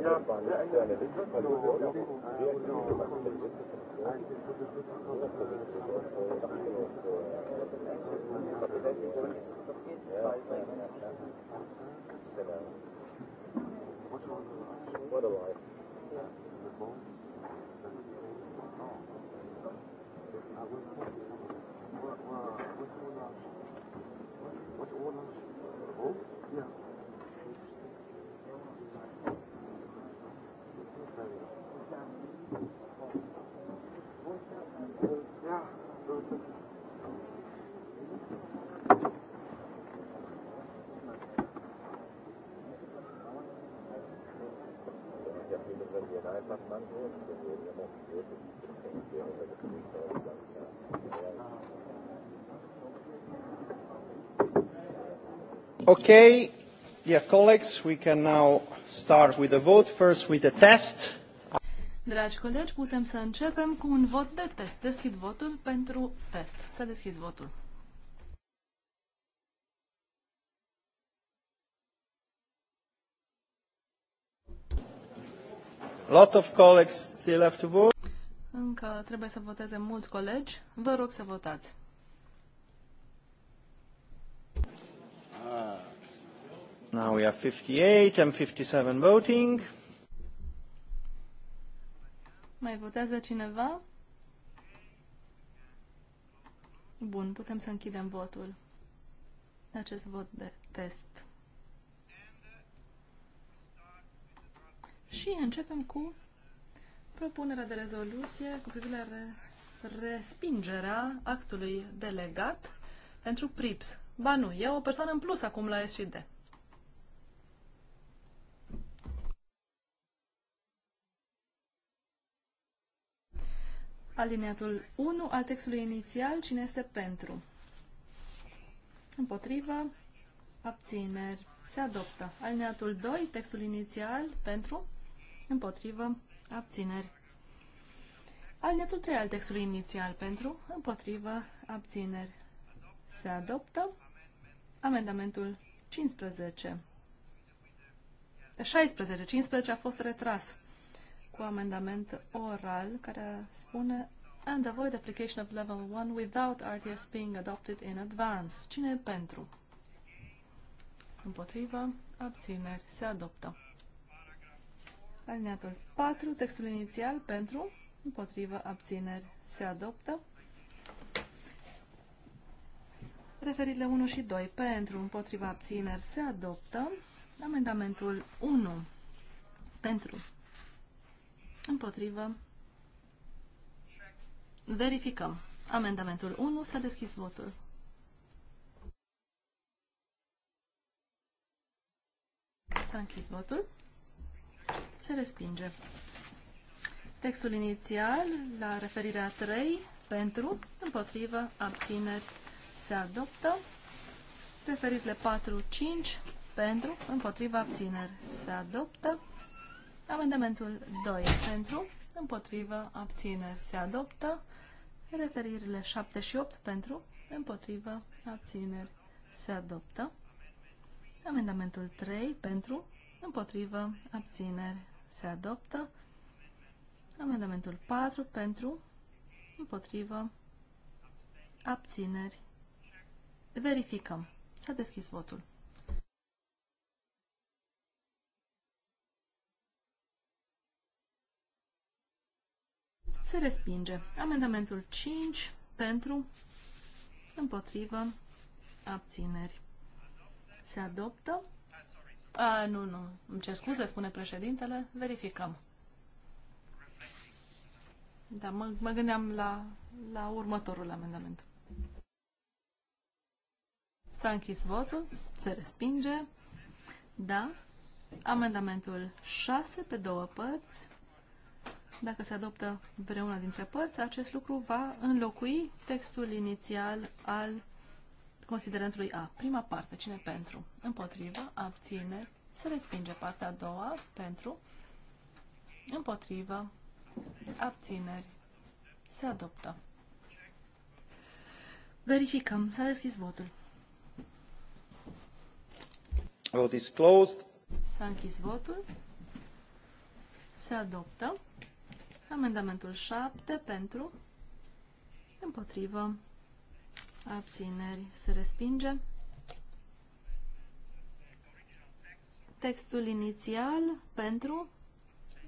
ja, war nicht eine Richtverluste, sondern wir Ja, What a life. Yeah. Okay, dear colleagues, we can now start with the vote. First with the test. Dragi colegi, putem să începem cu un vot de test. Deschid votul pentru test. Să deschis votul. Lot of colleagues still have to vote. Încă trebuie să voteze mulți colegi. Vă rog să votați. Now we have 58 and 57 voting. Mai votează cineva? Bun, putem să închidem votul. Acest vot de test. Și începem cu propunerea de rezoluție cu privire la respingerea actului delegat pentru PRIPS. Ba nu, e o persoană în plus acum la SID. Aliniatul 1 al textului inițial, cine este pentru? Împotrivă, abțineri, se adoptă. Aliniatul 2, textul inițial, pentru, împotrivă, abțineri. Aliniatul 3 al textului inițial, pentru, împotrivă, abțineri. Se adoptă. Amendamentul 15. 16. 15 a fost retras cu amendament oral care spune and avoid application of level 1 without RTS being adopted in advance. Cine e pentru? împotriva abțineri, se adoptă. Alineatul 4, textul inițial pentru, împotrivă, abțineri, se adoptă. Referirile 1 și 2 pentru, împotriva, abțineri, se adoptă. Amendamentul 1 pentru, Împotrivă. Verificăm. Amendamentul 1 s-a deschis votul. S-a închis votul. Se respinge. Textul inițial, la referirea 3, pentru, împotrivă, abțineri, se adoptă. Referirile 4-5, pentru, împotrivă, abțineri, se adoptă. Amendamentul 2 pentru, împotrivă, abțineri se adoptă. Referirile 7 și 8 pentru, împotrivă, abțineri se adoptă. Amendamentul 3 pentru, împotrivă, abțineri se adoptă. Amendamentul 4 pentru, împotrivă, abțineri. Verificăm. S-a deschis votul. Se respinge. Amendamentul 5 pentru, împotrivă, abțineri. Se adoptă. A, nu, nu. Îmi cer scuze, spune președintele. Verificăm. Da, mă, mă gândeam la, la următorul amendament. S-a închis votul, se respinge. Da. Amendamentul 6 pe două părți dacă se adoptă vreuna dintre părți, acest lucru va înlocui textul inițial al considerentului A. Prima parte, cine pentru? Împotrivă, abține, se respinge partea a doua, pentru, împotrivă, abțineri, se adoptă. Verificăm, s-a deschis votul. Vote is closed. S-a închis votul. Se adoptă. Amendamentul 7 pentru, împotrivă, abțineri se respinge. Textul inițial pentru,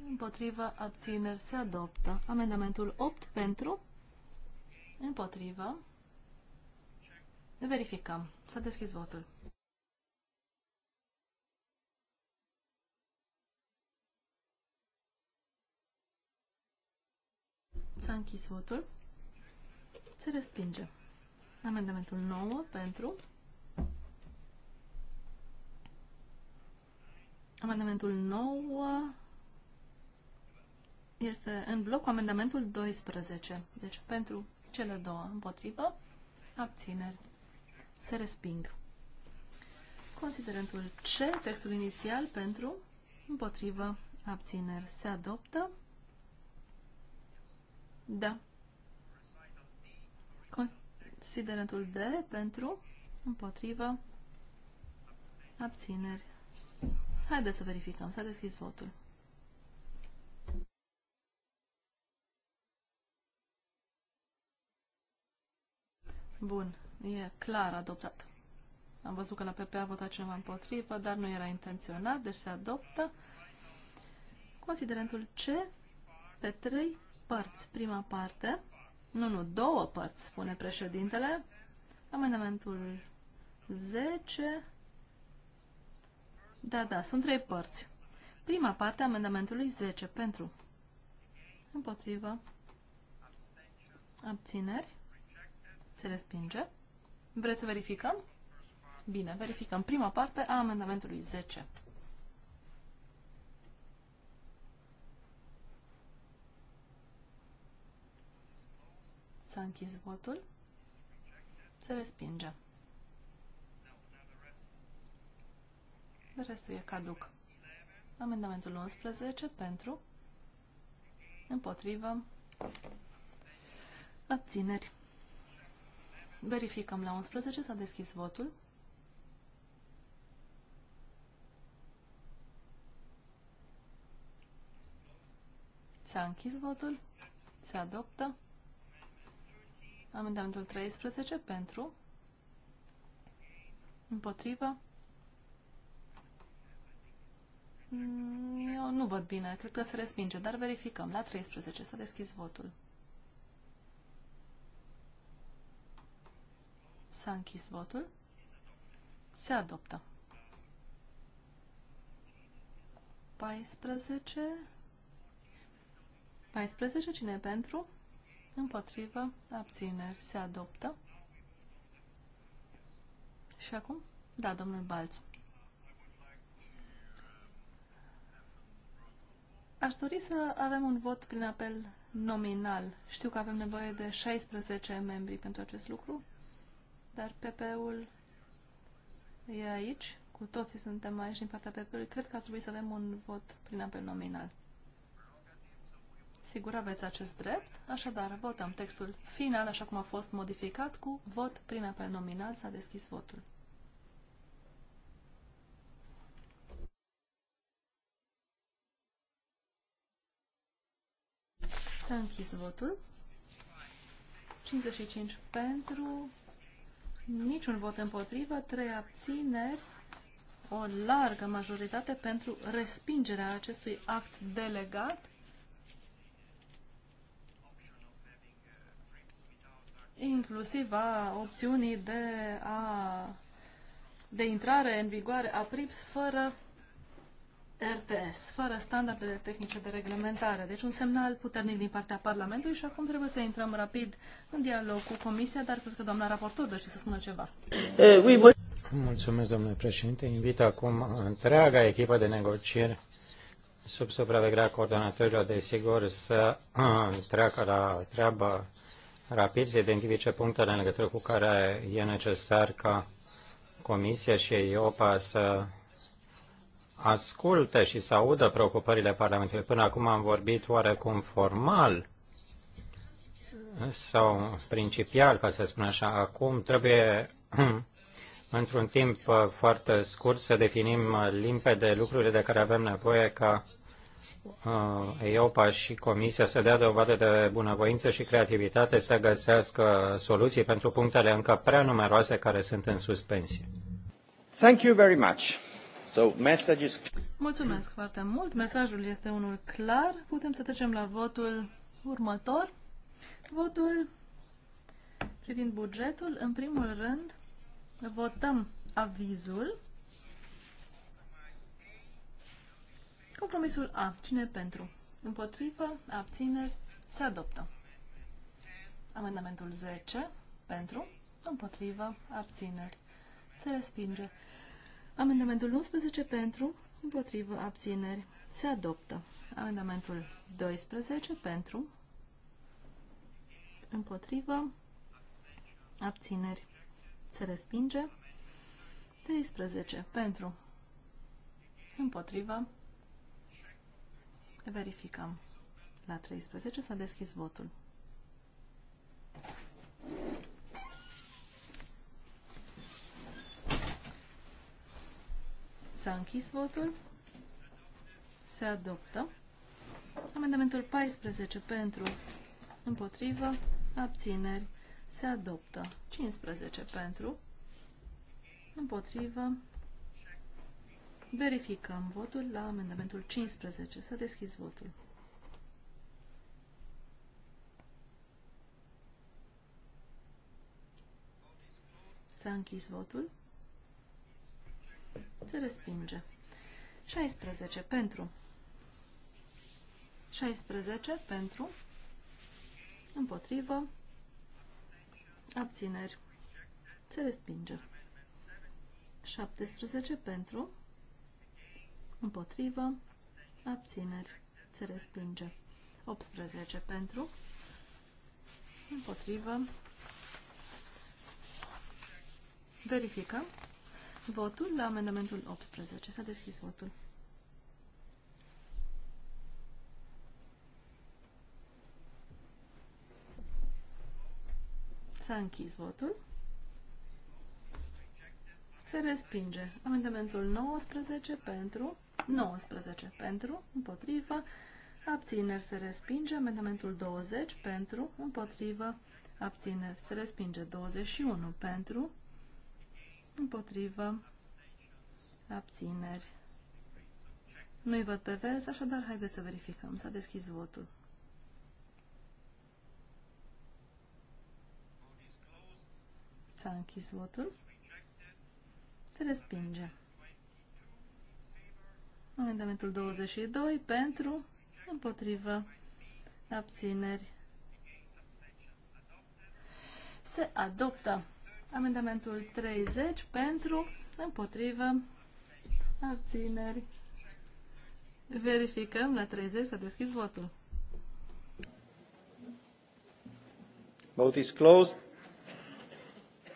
împotrivă, abțineri se adoptă. Amendamentul 8 pentru, împotrivă, verificăm. S-a deschis votul. S-a închis votul. Se respinge. Amendamentul 9 pentru. Amendamentul 9 este în bloc cu amendamentul 12. Deci pentru cele două împotrivă, abțineri. Se resping. Considerentul C, textul inițial pentru, împotrivă, abțineri. Se adoptă. Da. Considerentul D pentru, împotrivă, abțineri. Haideți să verificăm. S-a deschis votul. Bun, e clar adoptat. Am văzut că la PP a votat cineva împotrivă, dar nu era intenționat, deci se adoptă. Considerentul C pe trei părți. Prima parte, nu, nu, două părți, spune președintele. Amendamentul 10. Da, da, sunt trei părți. Prima parte a amendamentului 10 pentru împotrivă abțineri se respinge. Vreți să verificăm? Bine, verificăm prima parte a amendamentului 10. S-a închis votul. Se respinge. Restul e caduc. Amendamentul 11 pentru, împotrivă, abțineri. Verificăm la 11, s-a deschis votul. S-a închis votul. Se adoptă. Amendamentul 13 pentru, împotrivă. Eu nu văd bine, cred că se respinge, dar verificăm. La 13 s-a deschis votul. S-a închis votul. Se adoptă. 14. 14. Cine e pentru? împotrivă, abțineri, se adoptă. Și acum? Da, domnul Balț. Aș dori să avem un vot prin apel nominal. Știu că avem nevoie de 16 membri pentru acest lucru, dar PP-ul e aici, cu toții suntem aici din partea PP-ului. Cred că ar trebui să avem un vot prin apel nominal. Sigur aveți acest drept, așadar votăm textul final așa cum a fost modificat cu vot prin apel nominal. S-a deschis votul. S-a închis votul. 55 pentru, niciun vot împotrivă, 3 abțineri, o largă majoritate pentru respingerea acestui act delegat inclusiv a opțiunii de, a, de intrare în vigoare a PRIPS fără RTS, fără standarde tehnice de reglementare. Deci un semnal puternic din partea Parlamentului și acum trebuie să intrăm rapid în dialog cu Comisia, dar cred că doamna raportor dorește să spună ceva. Eh, Mulțumesc, domnule președinte. Invit acum întreaga echipă de negocieri sub supravegherea coordonatorilor, desigur, să ah, treacă la treabă rapid să identifice punctele în legătură cu care e necesar ca Comisia și EIOPA să asculte și să audă preocupările Parlamentului. Până acum am vorbit oarecum formal sau principial, ca să spun așa. Acum trebuie, *clears throat* într-un timp foarte scurt, să definim limpede lucrurile de care avem nevoie ca Uh, EIOPA și Comisia să dea dovadă de bunăvoință și creativitate să găsească soluții pentru punctele încă prea numeroase care sunt în suspensie. Thank you very much. So, message is... Mulțumesc foarte mult. Mesajul este unul clar. Putem să trecem la votul următor. Votul privind bugetul. În primul rând, votăm avizul Compromisul A. Cine pentru? Împotrivă, abțineri, se adoptă. Amendamentul 10. Pentru, împotrivă, abțineri, se respinge. Amendamentul 11. Pentru, împotrivă, abțineri, se adoptă. Amendamentul 12. Pentru, împotrivă, abțineri, se respinge. 13. Pentru, împotrivă, Verificăm. La 13 s-a deschis votul. S-a închis votul. Se adoptă. Amendamentul 14 pentru, împotrivă, abțineri. Se adoptă. 15 pentru, împotrivă, Verificăm votul la amendamentul 15. Să deschizi votul. S-a închis votul. Se respinge. 16 pentru. 16 pentru. Împotrivă. Abțineri. Se respinge. 17 pentru împotrivă, abțineri, se respinge. 18 pentru, împotrivă, verificăm votul la amendamentul 18. S-a deschis votul. S-a închis votul. Se respinge. Amendamentul 19 pentru, 19 pentru, împotrivă, abțineri se respinge. Amendamentul 20 pentru, împotrivă, abțineri se respinge. 21 pentru, împotrivă, abțineri. Nu-i văd pe vers, așadar haideți să verificăm. S-a deschis votul. S-a închis votul. Se respinge. Amendamentul 22 pentru, împotrivă, abțineri. Se adoptă amendamentul 30 pentru, împotrivă, abțineri. Verificăm la 30 să deschis votul. Vote is closed.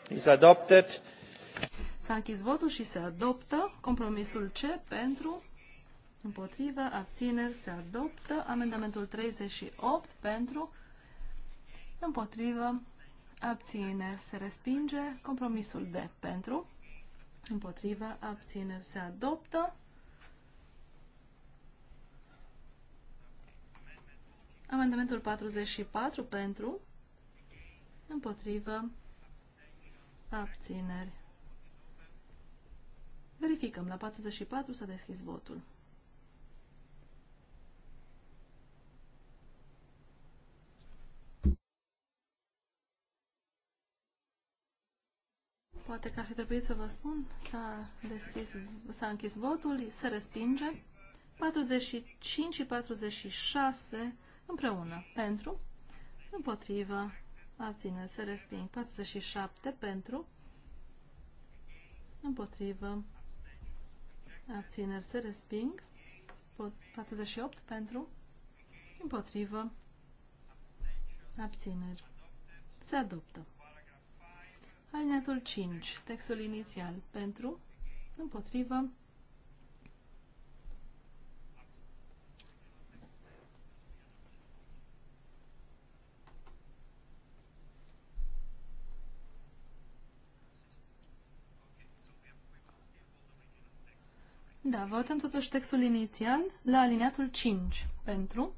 Is adopted. S-a închis votul și se adoptă compromisul C pentru Împotrivă, abțineri, se adoptă. Amendamentul 38 pentru, împotrivă, abțineri, se respinge. Compromisul D pentru, împotrivă, abțineri, se adoptă. Amendamentul 44 pentru, împotrivă, abțineri. Verificăm. La 44 s-a deschis votul. Poate că ar fi trebuit să vă spun. S-a deschis, s-a închis votul, se respinge. 45 și 46 împreună. Pentru, împotriva, abține, se resping. 47 pentru, împotrivă, abține, se resping. 48 pentru, împotrivă, abține, se adoptă. Alineatul 5, textul inițial pentru, împotrivă, Da, votăm totuși textul inițial la alineatul 5. Pentru,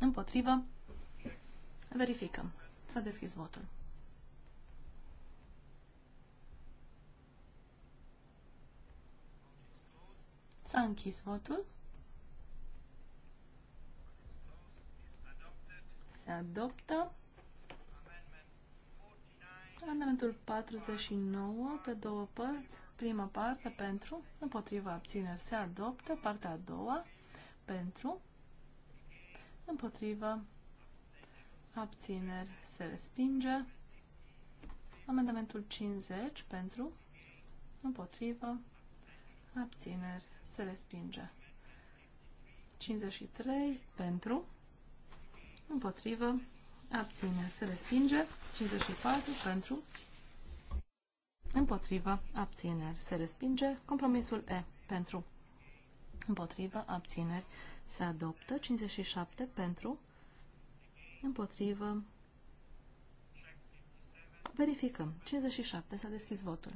împotrivă, verificăm. S-a deschis votul. S-a închis votul. Se adoptă. Amendamentul 49 pe două părți. Prima parte pentru, împotriva abțineri se adoptă. Partea a doua pentru, împotriva abțineri se respinge. Amendamentul 50 pentru, împotriva abțineri se respinge. 53 pentru, împotrivă, abține, se respinge. 54 pentru, împotrivă, abțineri, se respinge. Compromisul E pentru, împotrivă, abțineri, se adoptă. 57 pentru, împotrivă, verificăm. 57 s-a deschis votul.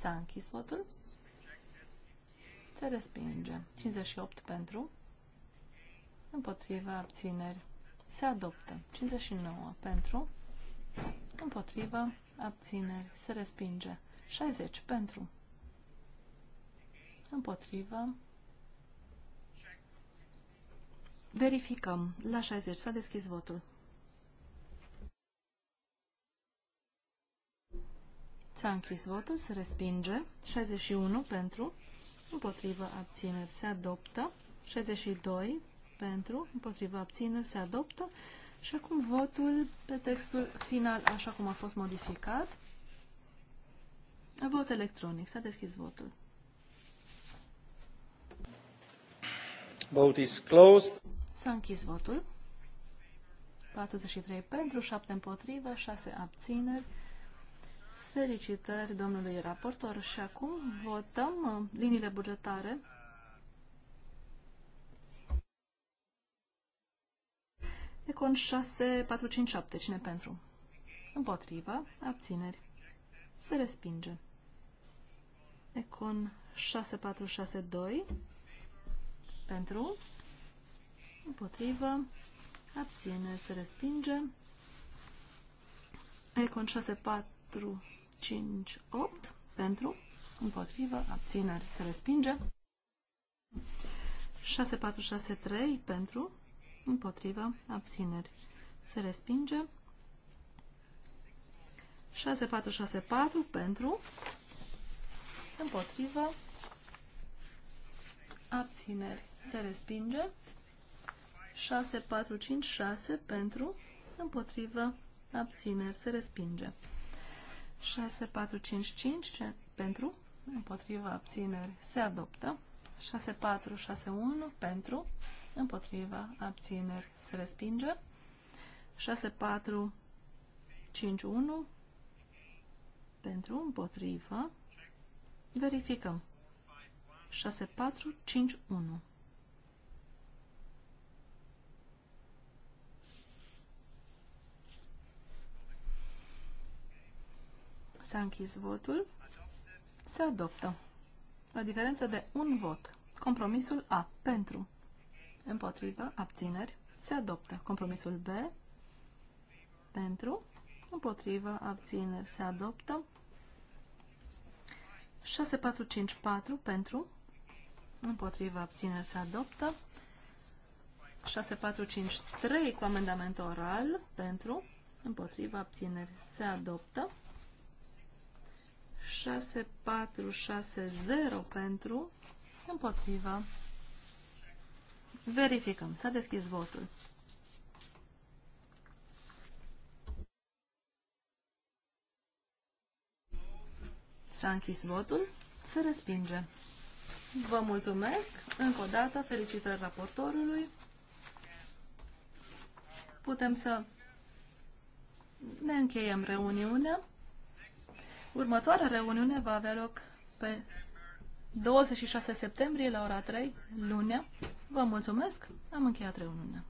S-a închis votul. Se respinge. 58 pentru. Împotriva abțineri. Se adoptă. 59 pentru. Împotriva abțineri. Se respinge. 60 pentru. Împotriva. Verificăm. La 60 s-a deschis votul. S-a închis votul, se respinge. 61 pentru, împotrivă, abțineri, se adoptă. 62 pentru, împotrivă, abțineri, se adoptă. Și acum votul pe textul final, așa cum a fost modificat. Vot electronic. S-a deschis votul. Vote is closed. S-a închis votul. 43 pentru, 7 împotrivă, 6 abțineri. Felicitări domnului raportor. Și acum votăm uh, liniile bugetare. Econ 6457. Cine pentru? Împotriva. Abțineri. Se respinge. Econ 6462. Pentru. Împotrivă. Abțineri. Se respinge. Econ 64 5, 8 pentru, împotrivă, abțineri se respinge. 6, 4, 6, 3 pentru, împotrivă, abțineri se respinge. 6, 4, 6, 4 pentru, împotrivă, abțineri se respinge. 6, 4, 5, 6 pentru, împotrivă, abțineri se respinge. 6455 pentru, împotriva abțineri se adoptă. 6461 pentru, împotriva abțineri se respinge. 6451 pentru, împotriva, verificăm. 6451 S-a închis votul. Se adoptă. La diferență de un vot. Compromisul A. Pentru. Împotrivă. Abțineri. Se adoptă. Compromisul B. Pentru. Împotrivă. Abțineri. Se adoptă. 6454 pentru. Împotrivă. Abțineri. Se adoptă. 6453 cu amendament oral. Pentru. Împotrivă. Abțineri. Se adoptă. 6460 pentru, împotriva. Verificăm. S-a deschis votul. S-a închis votul. Se respinge. Vă mulțumesc. Încă o dată, felicitări raportorului. Putem să ne încheiem reuniunea. Următoarea reuniune va avea loc pe 26 septembrie la ora 3, lunea. Vă mulțumesc, am încheiat reuniunea.